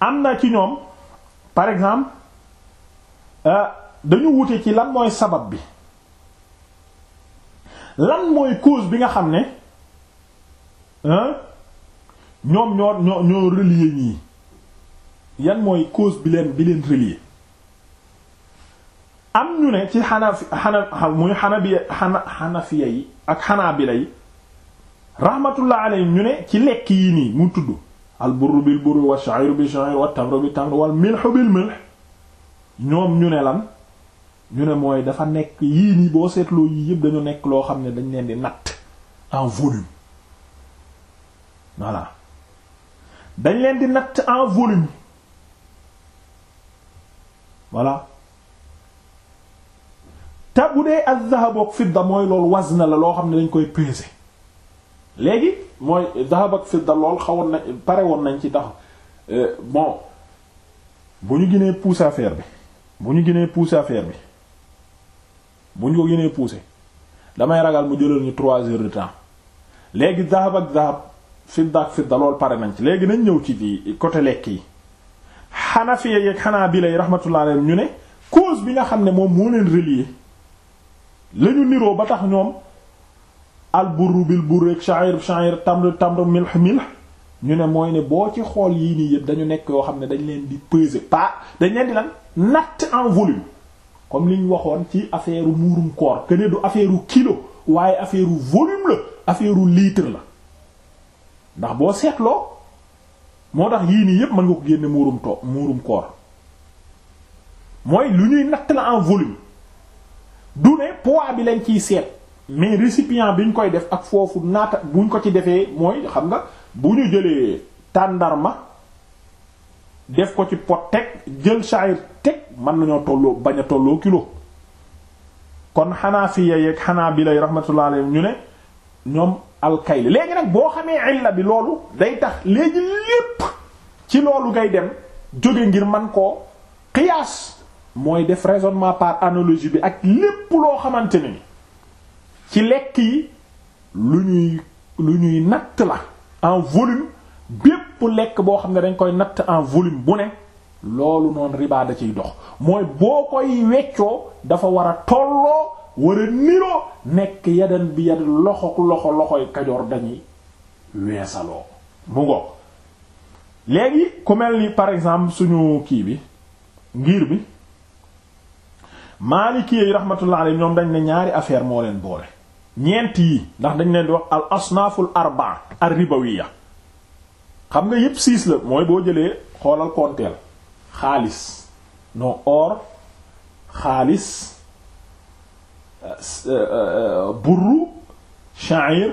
S1: am na ci ñoom par exemple euh, dañu wute ci lan mooy sabab bi lan mooy cause bi nga xam ne ñoom ñoo ñoo ñoo relier yan mooy cause bi leen bi leen relier am ñu ne ci xanafi xana muy xanabiya xana yi ak xanaabila yi rahmatullah alayhim ñu ne ci lekk yi nii mu tudd al burru bil burri wa sha'iru bi sha'ir wa tamru bi tamr wal milhu bil milh ñoom ñu ne lan ñu ne mooy dafa nekk yii nii boo seetloo yii yëpp dañu nekk loo xam ne dañ leen di natt en volume voilà dañ leen di natt en volume te bu dee az-zahab fit fidda mooy loolu na la loo xam ne dañ koy peser léegi mooy zahab ak fidda lool xawoon na pare woon nañ ci tax euh, bon bu ñu ginee pousser affaire bi bu ñu ginee pousser affaire bi bu ñu ko gënee pousser damay ragal mu jëlal ñu trois heures de temps léegi zahab ak zahab da ak fidda lool pare nañ ci léegi nañ ñëw ci bi côté lekk yi Hanafiya yeeg Hanabila yi rahmatullah alayhim ñu ne cause bi nga xam ne moom moo leen relier lañu niroo ba tax ñoom alburru bil burr ak sha'ir sha'ir tamr tamr milh milh ñu ne mooy ne boo ci xool yii nii yëpp dañu nekk yoo xam ne dañu leen di peser pas dañ leen di lan natt en comme li waxoon ci affaire muurum koor que du affaire kilo waaye affaire volume la affaire litre la ndax boo seetloo moo tax yii nii yëpp mën nga ko génne muurum to muurum koor mooy lu ñuy natt la en du ne poids bi lañ ciy seet mais récipient bi ñu koy def ak foofu naata buñ ko ci defee mooy xam nga bu ñu jëlee tàndarma def ko ci pot teg jël sha'ir teg mën nañoo tolloo bañ a tolloo kilo kon xanaa Hanafiya yeeg lay rahmatullah alayhim ñu ne ñoom alkayli léegi nag boo xamee illa bi loolu day tax léegi lépp ci loolu ngay dem jóge ngir man koo qiyaas mooy def raisonnement par analogie bi ak lépp loo xamante ne ni ci lekk yi lu ñuy lu ñuy natt la en volume bépp lekk boo xam ne dañ koy natt en volume bu ne loolu noonu riba da ciy dox mooy boo koy weccoo dafa war a tolloo war niroo nekk yadan bi yad loxo loxo loxoy kajoor dañuy weesaloo mu ngoog léegi ku mel ni par exemple suñu kii bi ngiir bi Maliki yi rahmatullah alayhi ñoom dañ ne ñaari affaire moo leen boole ñeent yi ndax dañ leen di wax al asnaaful arba ar ribawiya xam nga yépp siis la mooy boo jëlee xoolal konteel xaalis noo or xaalis euh, euh, euh, burru sha'ir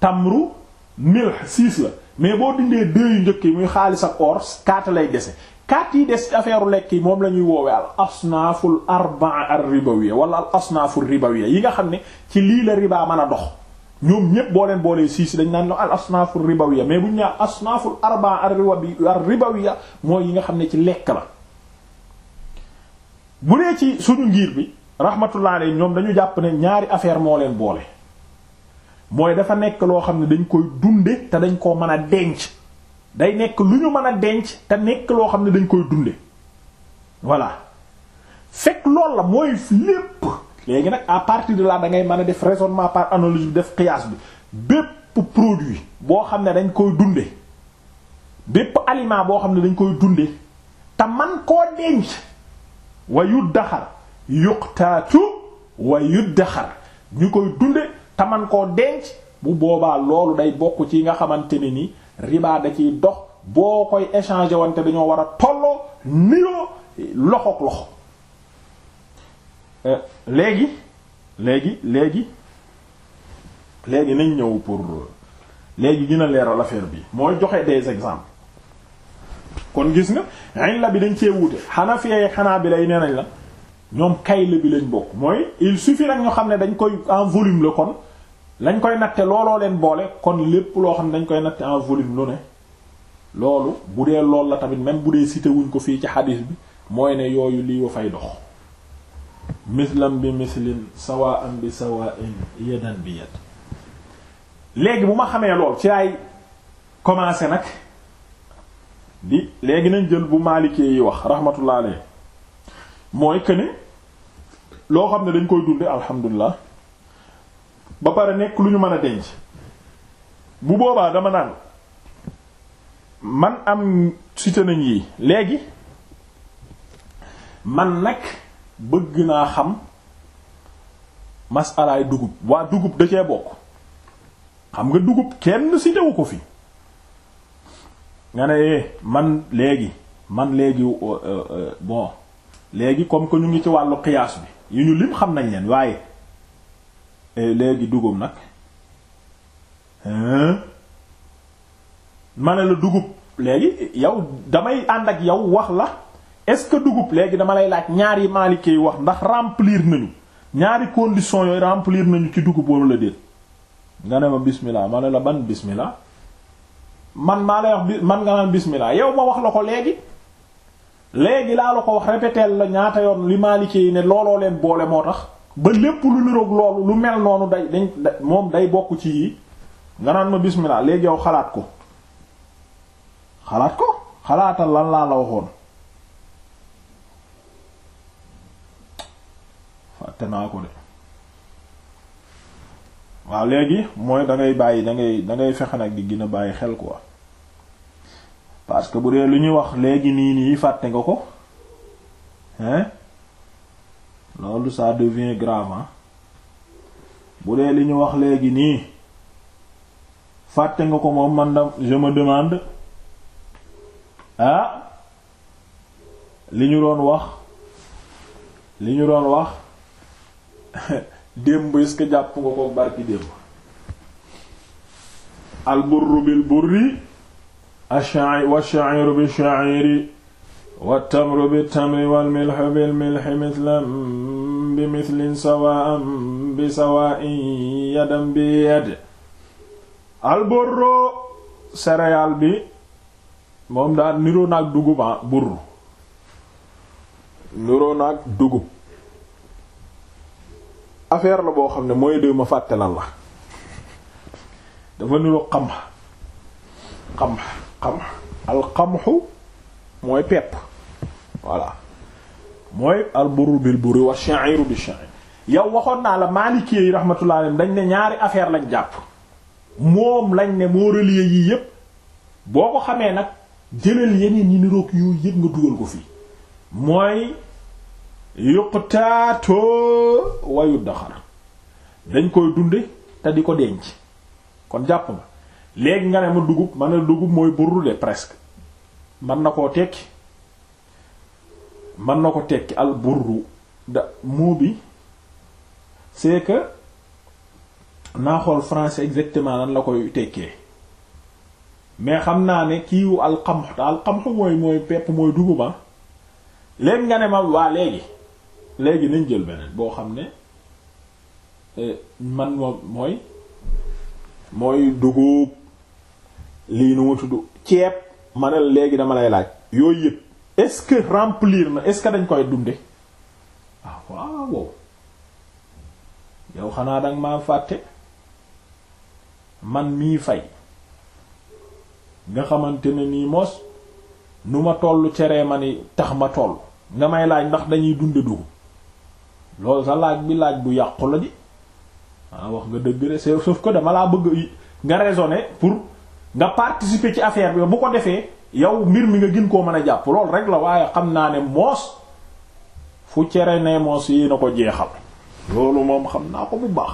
S1: tamru milh siis la mais boo dindee deux yu njëkk yi muy xaalis ak or quatre lay dese kaat yi des affaire lekk yi moom la ñuy woowe al asnaaful arbaa ar ribawiya wala al asnaaful ribawiya yi nga xam ne ci lii la ribaa mën a dox ñoom ñépp boo leen boolee siis dañ naan al asnaaful ribawiya mais bu ñu naan asnaaful arbaa ar ribawiya mooy yi nga xam ne ci lekk la bu dee ci suñu ngir bi rahmatullah alayhi ñoom dañu jàpp ne ñaari affaire moo leen boole mooy dafa nekk loo xam ne dañ koy dunde te dañ koo mën a denc day nekk lu ñu mën a denc te nekk loo xam ne dañ koy dunde voilà fekk loolu la mooy lépp léegi nag à partir de là da ngay mën a def raisonnement par analogie bi def qiyaas bi bépp produit boo xam ne dañ koy dunde bépp aliment boo xam ne dañ koy dunde taman man koo denc wa yuddaxar yuqtaatu wa yuddaxar ñu koy dunde te man koo denc bu boobaa loolu day bokk ci nga xamante ne nii riba da ciy dox boo koy échanger wante dañoo war a tolloo niroo loxook loxo euh, léegi léegi léegi léegi nañ ñëw pour léegi gën a leeral affaire bi mooy joxe des exemples kon gis nga illa bi dañ cee wuute xanaa fiyee xanaa bi lay nee nañ la ñoom kayla bi lañ bokk mooy il suffit nag ñu xam ne dañ koy en volume la kon lañ koy natte looloo leen boole kon lépp loo xam ne dañ koy natte en volume lu ne loolu bu dee lool la tamit même bu dee cité wuñ ko fii ci xadis bi mooy ne yooyu lii wa fay dox mislam bi mislin sawaan bi sawa'in yadan bi yad léegi bu ma xamee lool ci ay commencé nag di léegi nañ jël bu maalikee yi wax rahmatullah alayhi mooy que ne loo xam ne dañ koy dunde alhamdulilah ba pare nekk lu ñu mën a denc bu boobaa dama naan man am cité nañ yi léegi man nag bëgg naa xam masalaay dugub waa dugub da cee bokk xam nga dugub kenn si dewu ko fii nga ne eh, man léegi man léegi euh, euh, bon léegi comme que ñu ngi ci wàllu qiyaas bi yu ñu lim xam nañ leen waaye Eh, léegi dugub nag ma ne la dugub léegi yow damay ànd ak yow wax la est-ce que dugub léegi dama lay laaj ñaari maalikee wax ndax remplir nañu ñaari condition yooyu remplir nañu ci dugub wala déet nga ne ma bismillah ma la ban bismillah man maa lay wax bi man nga naan bismillah yow ma wax la ko léegi léegi laa la ko wax répéter la ñaata yoon li maalikee yi ne looloo leen boole moo tax. ba lépp lu niroog loolu lu mel noonu day dañ moom day bokk ci yi nga naan ma bismillah léegi yow xalaat ko xalaat ko xalaatal lan laa la waxoon fàtte naa ko de waaw léegi mooy dangay bàyyi da ngay da ngay fexe nag di gën bàyyi xel ko parce que bu dee lu ñuy wax léegi nii nii fàtte nga ko hein loolu ça devient grave bu dee li ñu wax léegi nii fàtte nga ko moom man je me demande ah li ñu doon wax li ñu doon wax démb est-ce que jàpp nga ko barki démb al burru bil burri ash-sha'i wash-sha'iru bish-sha'iri wat-tamru bit-tamri wal milhu bil milhi mithlam bi mithlin sawa'an bi sawa'in yadan bi yad alborro céréale bi moom daal niroo naag dugub ah affaire la boo xam ne mooy déw ma fàtte lan la dafa niroo xam xam xam alxamxu mooy pepp voilà mooy al burru bil burri wa sha'iru bi yow waxoon naa la Maliki yi rahmatullahi alayhim dañ ne ñaari affaire lañ jàpp moom lañ ne moo relier yii yépp boo ko xamee nag jëlal yeneen yi niroog yooyu yépp nga dugal ko fii mooy yuqtaatoo wayu daxar dañ koy dunde te di ko denc kon jàpp nga léegi nga ne ma dugub man na dugub mooy burru de presque mën na koo tekki man na ko tekki al burru da mot bi c'est que naa xool français exactement lan la koy tekkee mais xam naa ne kiiwu al qamh te al mooy mooy pepp mooy duguma ah. léegi nga ne ma waa léegi léegi nañ jël beneen boo xam ne euh, man moom mooy mooy dugub lii nu mu tudd ceeb ma ne la léegi dama lay laaj yooyu yëpp est-ce que remplir na est dañ koy dunde ah waaw yow xanaa danga ma fàtte man mii fay nga xamante ne nii moos nu ma toll cere ma ni tax ma toll nga may laaj ndax dañuy dunde dugub loolu sa laaj bi laaj bu yàqu la ji ah wax nga dëgg de sauf ko dama laa bëgg nga raisonner pour nga participer ci affaire bi bu ko defee yow mbir mi nga gën koo mën a jàpp lool rek la waaye xam naa ne moos fu cere ne moos yi na ko jeexal loolu moom xam naa ko bu baax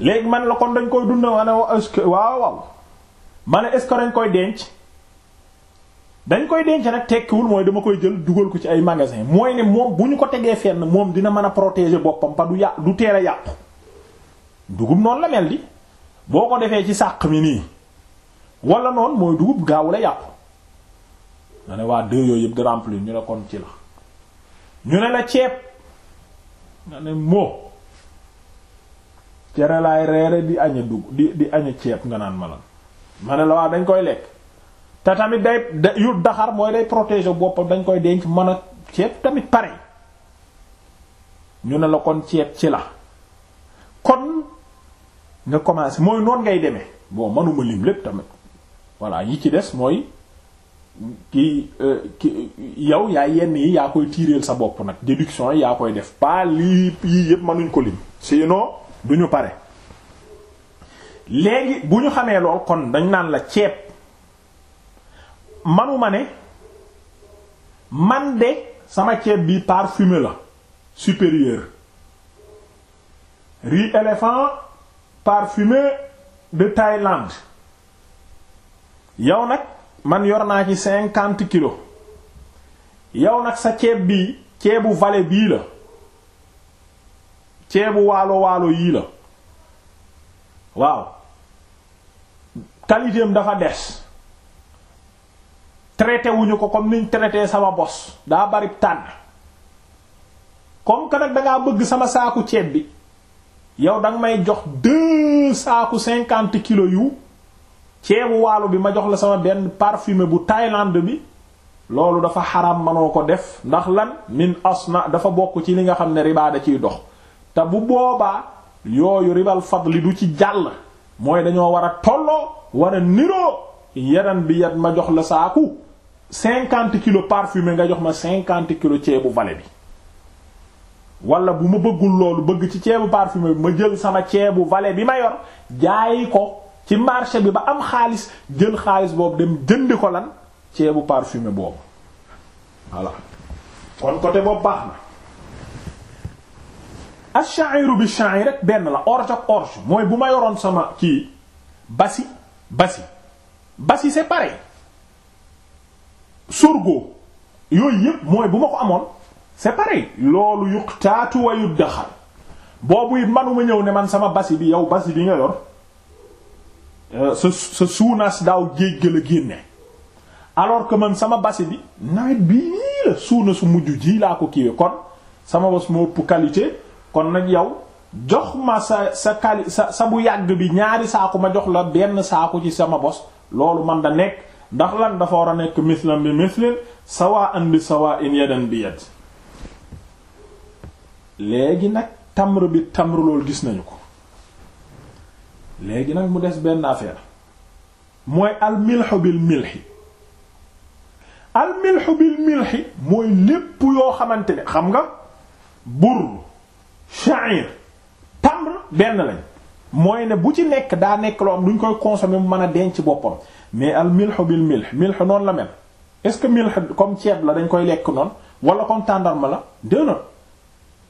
S1: léegi ma ne la kon dañ koy dund ma ne est-ce waaw ma ne est-ce que dañ koy denc dañ koy denc rek tekkiwul mooy dama koy jël dugal ko ci ay magasin mooy ne moom bu ñu ko tegee fenn moom dina mën a protéger boppam pa du yà du teel a yàqu dugub noonu la mel di boo ko defee ci sàq mi nii wala noon mooy dugub gaaw la yàqu nga ne waa deux yooyu yëpp nga ñu ne kon ci la ñu ne la ceeb nga ne moo cere laay reere di aña dugg di di aña ceeb nga naan malan ma ne la waa dañ koy lekk te tamit day yu daxar mooy day protéger boppam dañ koy denc mën a ceeb tamit pare ñu ne la kon ceeb ci la kon nga commencé mooy noon ngay demee boo manuma lim lépp tamit voilà yi ci des mooy ki euh, ki yow yaay yenn yi yaa koy tiireel sa bopp nag déduction yi yaa koy def pas lii yii yëpp mënuñ ko lim sinon du ñu pare léegi bu ñu xamee lool kon dañ naan la ceeb manuma ne man de sama ceeb bi parfumé la supérieur riz éléphant parfumé de Thaïlande yow nag man yor naa ci cinquante kilo yow nag sa ceeb bii ceebu vallée bii la ceebu waalo waalo yii la waaw qualité am dafa des traité wuñu ko comme niñ traité sama bos daa bari tànn comme que dangaa bëgg sama saaku ceeb bi yow danga may jox deux saaku cinquante kilo yu ceebu waalo bi ma jox la sama benn parfumé bu Thaïlande bi loolu dafa xaram manoo ko def ndax lan min asna dafa bokk ci li nga xam ne ribaa da ciy dox te bu boobaa yooyu ribal fadli du ci jàll mooy dañoo war a tolloo war a niroo yadan bi yat ma jox la saaku cinquante kilos parfumé nga jox ma cinquante kilos ceebu vale bi wala bu ma bëggul loolu bëgg ci ceebu parfumé bi ma jël sama ceebu vale bi ma yor jaayi ko ci marché bi ba am xaalis jël xaalis boobu dem jëndi ko lan ceebu parfumé boobu voilà kon côté boobu baax na ash-sha'iru bi-sha'i rek benn la orge ak mooy bu ma yoroon sama kii basi basi basi c'est pareil sorgho yooyu yëpp mooy bu ma ko amoon c'est pareil loolu yuqtaatu wa yuddaxal boobu it manuma ñëw ne man sama basi bi yow basi bi nga yor sa sa suunaas daaw géej a génne alors que man sama basi bi nawet bii la suuna su mujj ji laa ko kiiwee kon sama bas moo ëpp qualité kon nag yow jox ma sa sa quali sa sa bu yàgg bi ñaari saako ma jox la benn saako ci sama bos loolu man da nekk ndax lan dafa war a nekk mislan bi mislin sawaa bi sawa'in yadan bi yad léegi nag tamr bi tamr loolu gis nañu ko léegi nag mu des benn affaire mooy almilxu bil milxi almilxu bil milxi mooy lépp yoo xamante ne xam nga burr sha'ir tamr benn lañ mooy ne bu ci nekk daa nekk loo am duñ koy consommer mu mën a denc boppam mais almilxu bil milxi milxu noonu la mel est-ce que milx comme ceeb la dañ koy lekk noonu wala comme tàndarma la dénat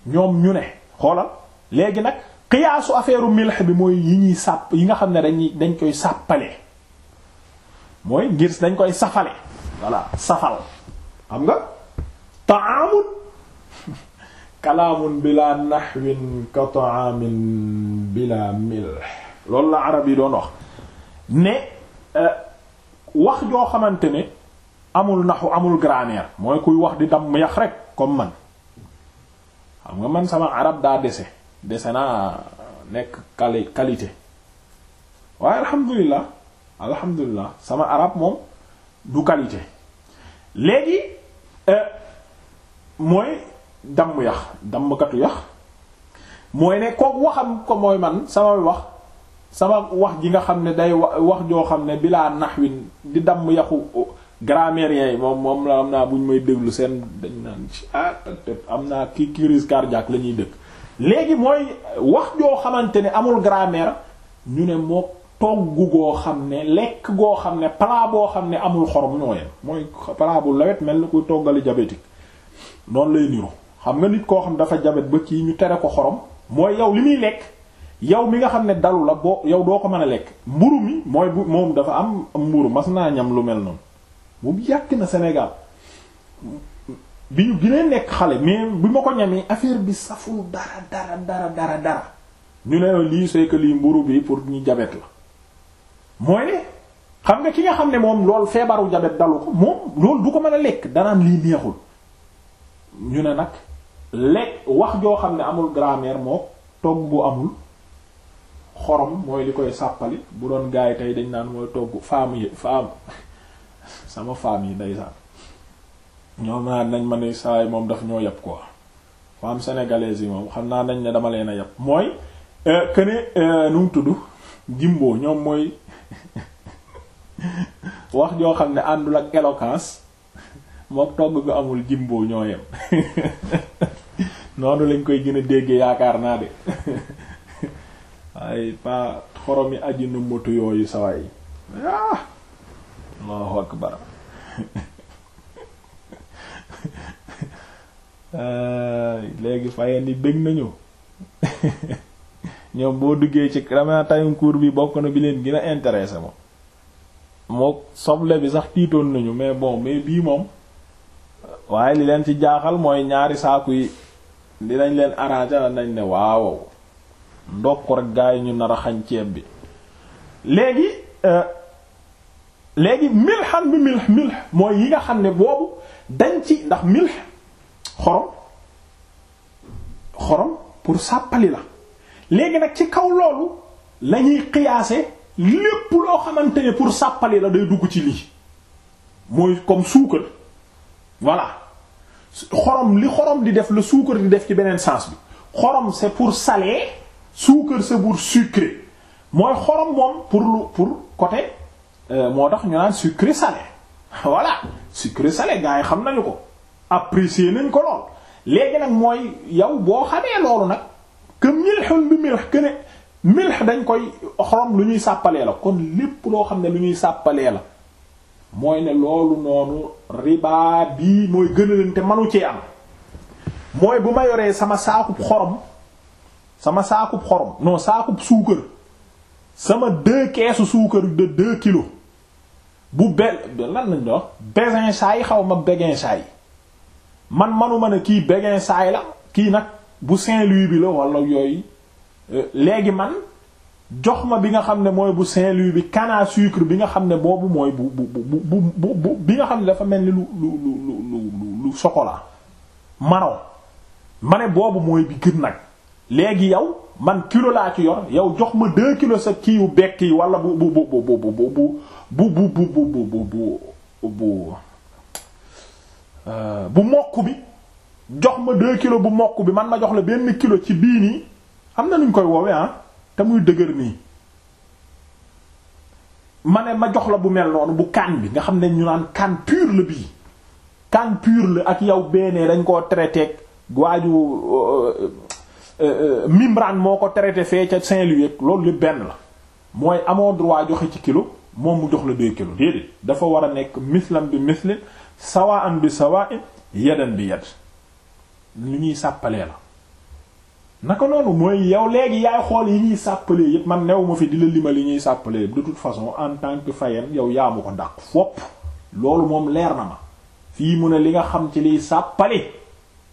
S1: ñoom ñu ne xoolal léegi nag xiyaasu affaire milx bi mooy yi ñuy sàpp yi nga xam ne dañuy dañ koy sàppale mooy ngir dañ koy safale voilà safal xam nga taamun kalaamun bila naxwin ka bila milx loolu la arab yi doon wax ne euh, wax joo xamante ne amul naxu amul grammaire mooy kuy wax di dam yax rek comme man xam nga man sama arab daa dese dese naa nekk quali qualité waaye alhamdulilah alhamdulilah sama arab moom du qualité léegi euh, mooy damm yax dammkatu yax mooy ne kooku waxam ko mooy man sama wax sama wax ji nga xam ne day wax joo xam ne bilaa naxwin di damm yaxu oh, grammairien yi moom moom la am naa bu ñu may déglu seen dañ naan ci ah am naa ki crise cardiaque la ñuy dëkk léegi mooy wax joo xamante ne amul grammaire ñu ne moo togg goo xam ne lekk goo xam ne plat boo xam ne amul xorom ñoo yem mooy plat bu lawet mel ni kuy toggali diabétique noonu lay niru xam nga nit koo xam dafa jabet ba kii ñu tere ko xorom mooy yow li muy lekk yow mi nga xam ne dalu la boo yow doo ko mën a lekk mburu mi mooy bu moom dafa am mburu mas naa ñam lu mel noonu moom yàq na Sénégal bi ñu gënee nekk xale mais bi ma ko ñamee affaire bi saful dara dara dara dara dara ñu ne lii c'est lii mburu bi pour ñu jabet la mooy ne xam nga ki nga xam ne moom lool feebaru jabet dalu ko moom loolu du ko mën a lekk danaan lii neexul ñu ne nag lekk wax joo xam ne amul grammaire moo togg bu amul xorom mooy li koy sàppali bu doon gaay tey dañ naan mooy togg faam yi faam sama faam yi ndeysaan ñoom naa nañ ma ne saay moom daf ñoo yàpp ko femme sénégalaise yi moom xam naa nañ ne dama leen a yàpp mooy këne euh, euh, nu tudd Jimbo ñoom mooy wax joo xam ne àndul ak éloquence mook togg gu amul Jimbo ñoo yem noonu lañ koy gën a déggee yaakaar naa de waaye pa xoromi aji na yooyu sawaay ah Allahu akbar Euh, léegi fayeen yi bëgg nañu ñoom boo duggee ci vraiment tayunkour bi bokk na bi leen gën a intéressé moo soble bi sax tiitoon nañu mais bon mais bii moom waaye li leen ci jaaxal mooy ñaari saaku yi dinañ leen arrangé nañ ne waaw ndokk rek gaa yi ñu nar a xañ ceeb bi léegi euh, léegi milxan bi milx milx mooy yi nga xam ne boobu dañ ci ndax milx xorom xorom pour sàppali la léegi nag ci kaw loolu lañuy qiyaase lépp loo xamante ne pour sàppali la day dugg ci lii mooy comme suukar voilà xorom li xorom di def la suukar di def ci beneen sens bi xorom c'est pour salé suukar c'est pour sucré mooy xorom moom pour lu pour côté euh, moo tax ñu naan sucré salé voilà sucré salé gars yi xam nañu ko apprécier nañ ko lool léegi nag mooy yow boo xamee loolu nag que milxun bi milx que ne dañ koy xorom lu ñuy sàppalee la kon lépp loo xam ne lu ñuy sàppalee la mooy ne loolu noonu riba bii mooy gën a leen manu cee am mooy bu ma yoree sama saakub xorom sama saakub xorom non saakub suukar sama deux keesu suukar de deux kilos bu be lan lañ doon begin saay xaw ma begin saay man manuma ne kii begin saay la kii nag bu Saint-Louis bi la walla yooyu léegi man jox ma bi nga xam ne mooy bu Saint-Louis bi kanaa à sucre bi nga xam ne boobu mooy bu bu bi nga xam ne dafa mel ni lu lu ma ne boobu mooy bi gën nag léegi yow man kilo la ci yor yow jox ma deux kilos sa kiiwu bekk yi wala bu bu bu bu bu bu. bu bu bu bu bu bu bu bu euh, bu mokk bi jox ma deux kilos bu mokk bi man ma jox la benn kilo ci bii nii xam na nuñ koy woow ah te muy dëgër nii ma ne ma jox la bu mel noonu bu kaan bi nga xam ne ñu naan kaan pur la bii kaan pur la ak yow beenee dañ koo traité waaju euh, euh, Mimran moo ko traité fee ca Saint-Louis loolu lépp benn la mooy amoo droit joxe ci kilo moom mu jox la deux kilos dafa war a nekk mislan bi mislin sawaan bi sawa'in yadan bi yad li ñuy sàppalee la naka noonu mooy yow léegi yaay xool yi ñuy sàppalee yépp man new ma fi di la limal yi ñuy sàppalee de toute façon en tant que fayen yow yaamu ko ndax fopp loolu moom leer na ma fii mu ne li nga xam ci liy sàppali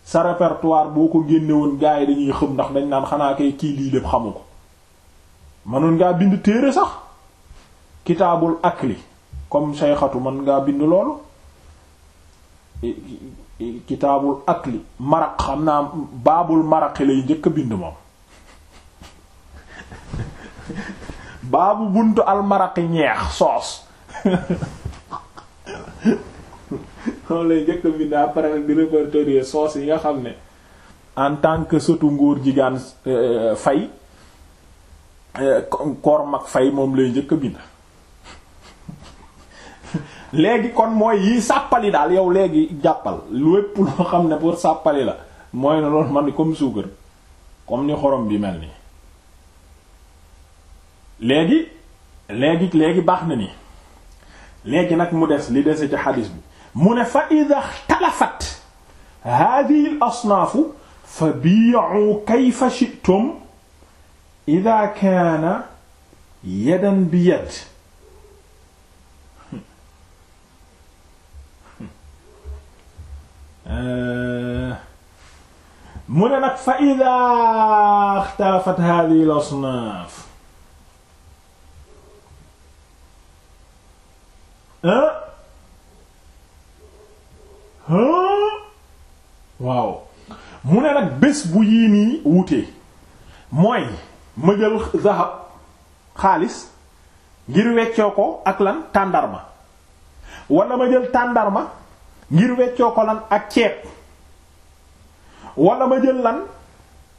S1: sa répertoire boo ko génnewoon gars yi dañuy xëm ndax dañ naan xanaa kay kii lii lépp xamu ko mënoon ngaa bind téere sax kitaabul akli comme sayxatu mën ngaa bind loolu kitaabul akli maraq xam naa baabul maraqi lay njëkk a bind moom baabu buntu almaraqi ñeex soos moom lay njëkk a bind après di répertorier soos yi nga xam ne en tant que sëtu nguur jigéen euh, fay euh, koor mag fay moom lay njëkk a bind léegi kon mooy yi sàppali daal yow léegi jàppal lépp loo xam ne pour sàppali la mooy ne loolu man ni comme suukar comme ni xorom bi mel nii léegi léegi léegi baax na ni léegi nag mu des li dese ci xadis bi mu ne fa ida xtalafat hadihi l asnaafu fa bii'u kayfa shi'tum ida kaana yadan bi yad mu ne nag fa idaa ixtalafat hadihi l asnaaf waaw mu ne nag bés bu yii nii wuute mooy ma jël zahab xaalis ngir weccoo ko ak lan tàndarma walla ma jël tàndarma ngir weccoo ko lan ak ceeb wala ma jël lan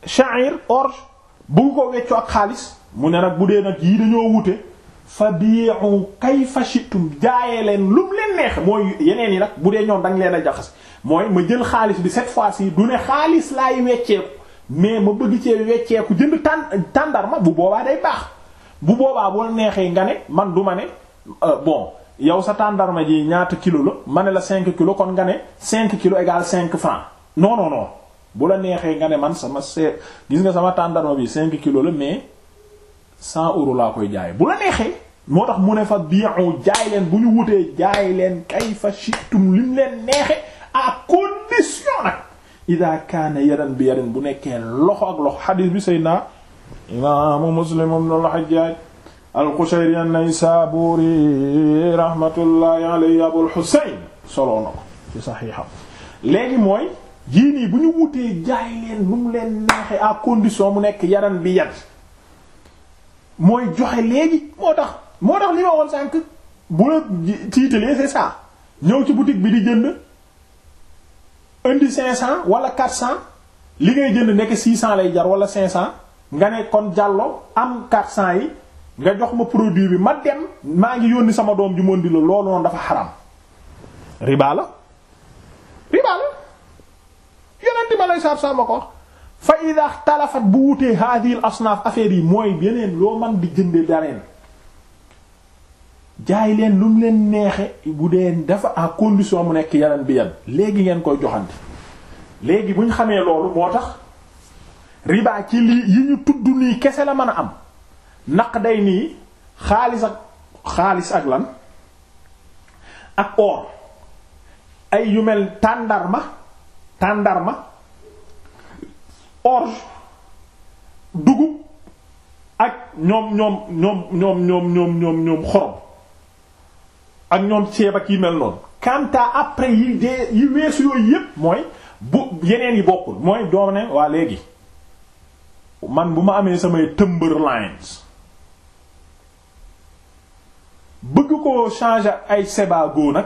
S1: sha'ir orge bu ko weccoo ak xaalis mu ne nag bu dee nag yii dañoo wute fa bi'u kayfa shi'tum jaayee leen lum leen neex mooy yeneen yi nag bu dee ñoom dañ leen a jaxas mooy ma jël xaalis bi cette fois-ci du ne xaalis laay wecceeku mais ma bëgg cee wecceeku jënd tàn tàndarma bu boobaa day baax bu boobaa boo neexee nga ne man du ma ne euh, bon yow sa tàndarma ji ñaata kilo la ma ne la 5 kilo kon nga ne 5 kilo égal 5 francs non bu la neexee nga ne man sama see gis nga sama tàndarma bi 5 kilo la mais 100 euros laa koy jaay bu la neexee moo tax mu ne fa bi'u jaay leen bu ñu wutee jaay leen kayfa shi'tum lim leen neexe à condition nag ida kaana bi yadan bu nekkee loxo ak loxo xadiis bi Seydina imaamu Muslim ibn al-Hajjaj al-Qushayri an-Naysaburi rahmatullahi alayhi Abul Husayn soloo ko ci saxiixam léegi mooy yii nii bu ñu wutee jaay leen nu mu leen neexee à condition mu nekk yaram bi yar mooy joxe léegi moo tax moo tax li ma woon sànq bu la tiitalee c'est ça ñëw ci boutique bi di jënd indi 500 wala 400 li ngay jënd nekk 600 lay jar wala 500 nga ne kon jàlloo am 400 yi. nga jox ma produit bi ma dem maa ngi yónni sama doom ju mondi la loolu noonu dafa xaram riba la riba la yonent ma lay saab saab ma ko fa ida xtalafat bu wutee hadhihi al asnaaf affaire yi mooy yeneen loo man di jënde dareen jaay leen lu mu leen neexe bu dee dafa en condition mu nekk yanan bi yan léegi ngeen koy joxante léegi bu ñu xamee loolu moo tax riba ci lii yi ñu tudd nii kese la mën a am naq day nii xaalis ak xaalis ak lan ak or ay yu mel tàndarma tàndarma orge dugub ak ñoom ñoom ñoom ñoom ñoom ñoom ñoom ñoom xorom ak ñoom ceeb ak yi mel noonu kanta après yi dee yi weesu yooyu yépp mooy bu yeneen yi bokkul mooy doom waa léegi man bu ma amee samay tëmbër lines bëgg koo changer ay Sebago nag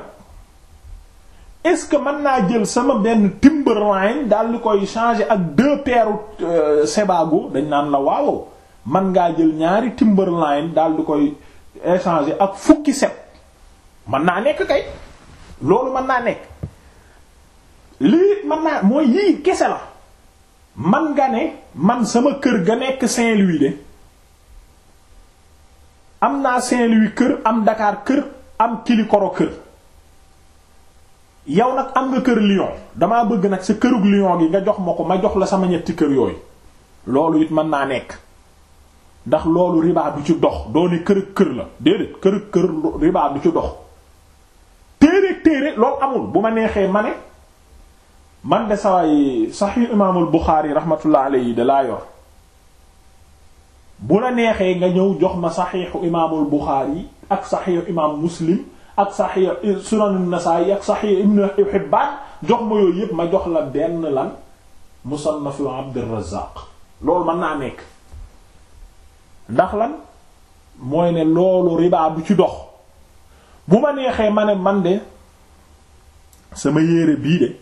S1: est-ce que mën naa jël sama benn Timberline daal di koy changer ak deux paires euh, Sebago dañ naan la waaw man ngaa jël ñaari Timberline daal di koy échanger ak fukki set mën naa nekk kay loolu mën naa nekk lii mën naa mooy yii kese la man nga ne man sama kër ga nekk Saint-Louis de am naa saint wi kër am Dakar kër am Kilikoro kër yow nag am nga kër Lyon dama bëgg nag sa kërug Lyon gi nga jox ma ko ma jox la sama ñetti kër yooyu loolu it mën naa nekk ndax loolu ribaa du ci dox doo ne kërug kër la déedéet kërug kër ribaa du ci dox téere téere loolu amul bu ma neexee ma ne man de sawaay sax yu imaamul Buxaari rahmatullah yi de laa yor bu la neexee nga ñëw jox ma saxiixu imaamul Buxaari ak saxiixu imaam Muslim ak saxiixu sunanu Nasaa'i ak saxiixu Ibn Hibbaan jox ma yooyu yépp ma jox la benn lan musannafu Abdurrazaaq loolu mën naa nekk ndax lan mooy ne loolu ribaa bu ci dox bu ma neexee ma ne man de sama yére bii de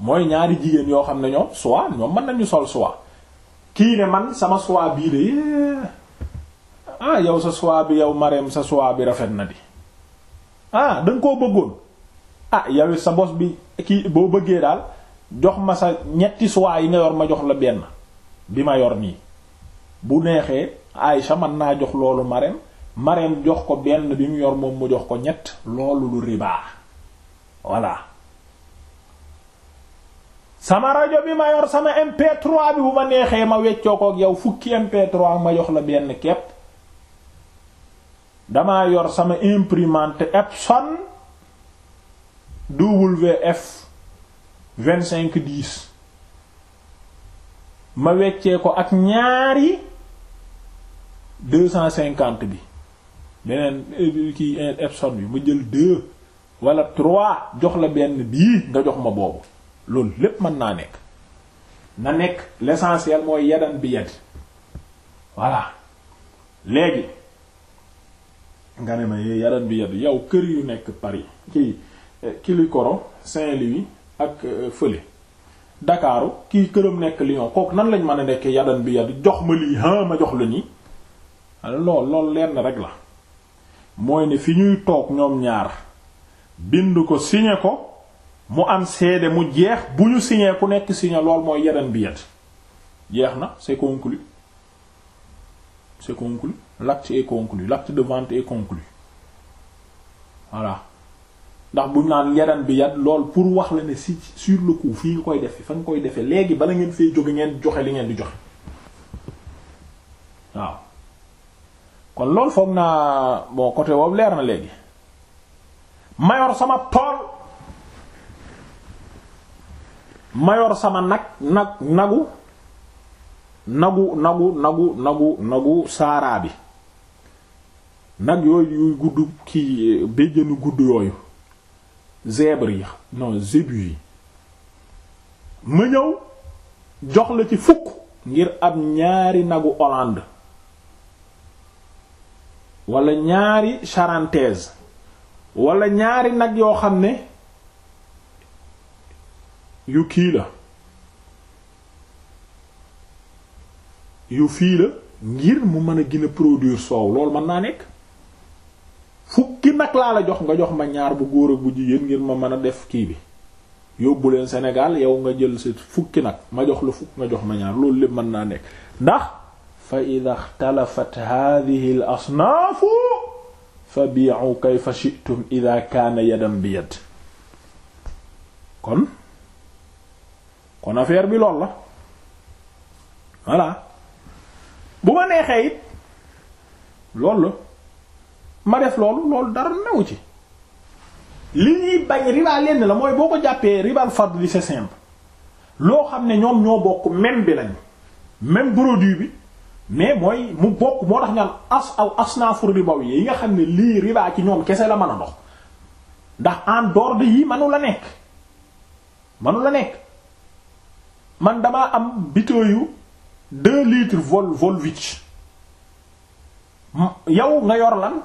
S1: mooy ñaari jigéen yoo xam ne ñoom soit ñoom mën nañu sol soit kii ne man sama choix bii de ah yow sa choix bi yow Marème sa choix bi rafet na bi ah koo bëggoon ah yow sa bos bi kii boo bëggee daal jox ma sa ñetti choix yi nga yor ma jox la benn bi ma yor nii bu neexee Aïcha man naa jox loolu Marème Marème jox ko benn bi mu yor moom mu jox ko ñett loolu lu ribaa voilà sama rajo bi ma yor sama MP3 bi bu ma neexee ma weccoo ko ak yow fukki MP3 ma jox la benn kepp damaa yor sama imprimante Epson WF 2510 ma weccee ko ak ñaari 250 bi beneen euh, kii euh, Epson bi ma jël deux wala trois jox la benn bii nga jox ma boobu. loolu lépp mën naa nekk na nekk l'essentiel mooy yadan bi yad voilà léegi nga ne ma yadan bi yad yow kër yu nekk Paris kii eh, Kilikoro Saint-Louis ak eh, fële Dakaaru kii këram nekk Lyon kooku nan lañ mën a nekk yadan bi yad jox ma lii ha ma jox la nii lool lool leer na rek la mooy ne fi ñuy toog ñoom ñaar bind ko signé ko mu am seede mu jeex bu ñu signé ku nekk signé lool mooy yadan bi yet jeex na c'est conclu c'est conclu l'acte est conclu l'acte de vente est conclu voilà ndax buñ naan yadan bi yat lool pour wax la ne si sur le coup fii nga koy defe fa nga koy defee léegi bala ngeen fee jóg ngeen joxe li ngeen di joxe waaw kon loolu foog naa bon côté boobu leer na léegi mayor sama tool mayor sama nag nag nagu nagu nagu nagu nagu nagu saaraa bi nag yooyu yuy gudd kii béjjënu gudd yooyu zèbre yi non zébu yi ma ñëw jox la ci fukk ngir am ñaari nagu Hollande wala ñaari charentaise wala ñaari nag yoo xam ne yu kii la yu fii la ngir mu mën a gën a soow loolu mën naa nekk fukki nag laa la jox nga jox ma ñaar bu góor ak bu jigéen ngir ma mën a def kii bi yóbbu leen Sénégal yow nga jël sa fukki nag ma jox la fukk nga jox ma ñaar loolu lépp mën naa nekk ndax fa ida xtalafat hadihi asnaafu fa bi'u kayfa shi'tum ida kaana yadan bi yad kon affaire bi lool la voilà bu ma neexee it loolu la ma def loolu loolu dara newu ci li ñuy bañ riba lenn la mooy boo ko jàppee ribal fadli c'est simple loo xam ne ñoom ñoo bokk même bi lañ même produit bi mais mooy mu bokk moo tax ñaan as aw asnaafu ribaw yi nga xam ne lii riba ci ñoom kese la mën a dox ndax en dehors yi yii manu la nekk manu la nekk man damaa am bidon yu deux litres vol Volvic yow nga yor lan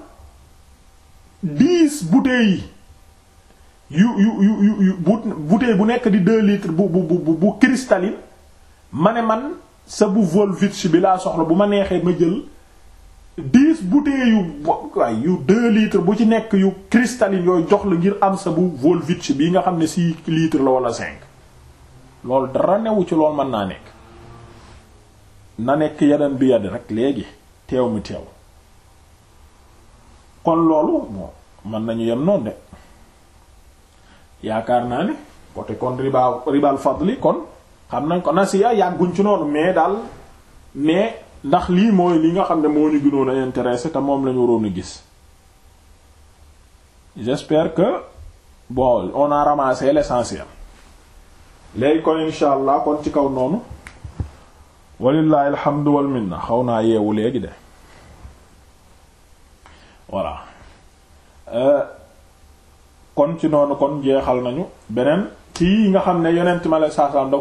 S1: dix bouteilles yu yu yu yu bouteille bu nekk di deux litres bu bu bu bu cristalline ma ne man sa bu Volvic bi laa soxla bu ma neexee ma jël dix bouteilles yu waay yu deux litres bu ci nekk yu cristalline yooyu jox la ngir am sa bu Volvic bi nga xam ne six litres la wala cinq. loolu dara newu ci loolu mën naa nekk na nekk yadan bi yad rek léegi teew mi teew kon loolu bon mën nañu yem noonu de yaakaar naa ne côté kon riba ribal fadli kon xam nañ ko nasiya yàgguñ ci noonu mais daal mais ndax lii mooy li nga xam ne moo ñu gënoon a intéressé te moom lañu ñu a gis j'espère que bon on a ramassé l'essentiel léegi kon insha allah kon ci kaw noonu walillahi alhamdu wal minna xaw naa yeewu léegi de voilà euh, kon ci noonu kon jeexal nañu beneen tii nga xam ne yonent ma la saasaan da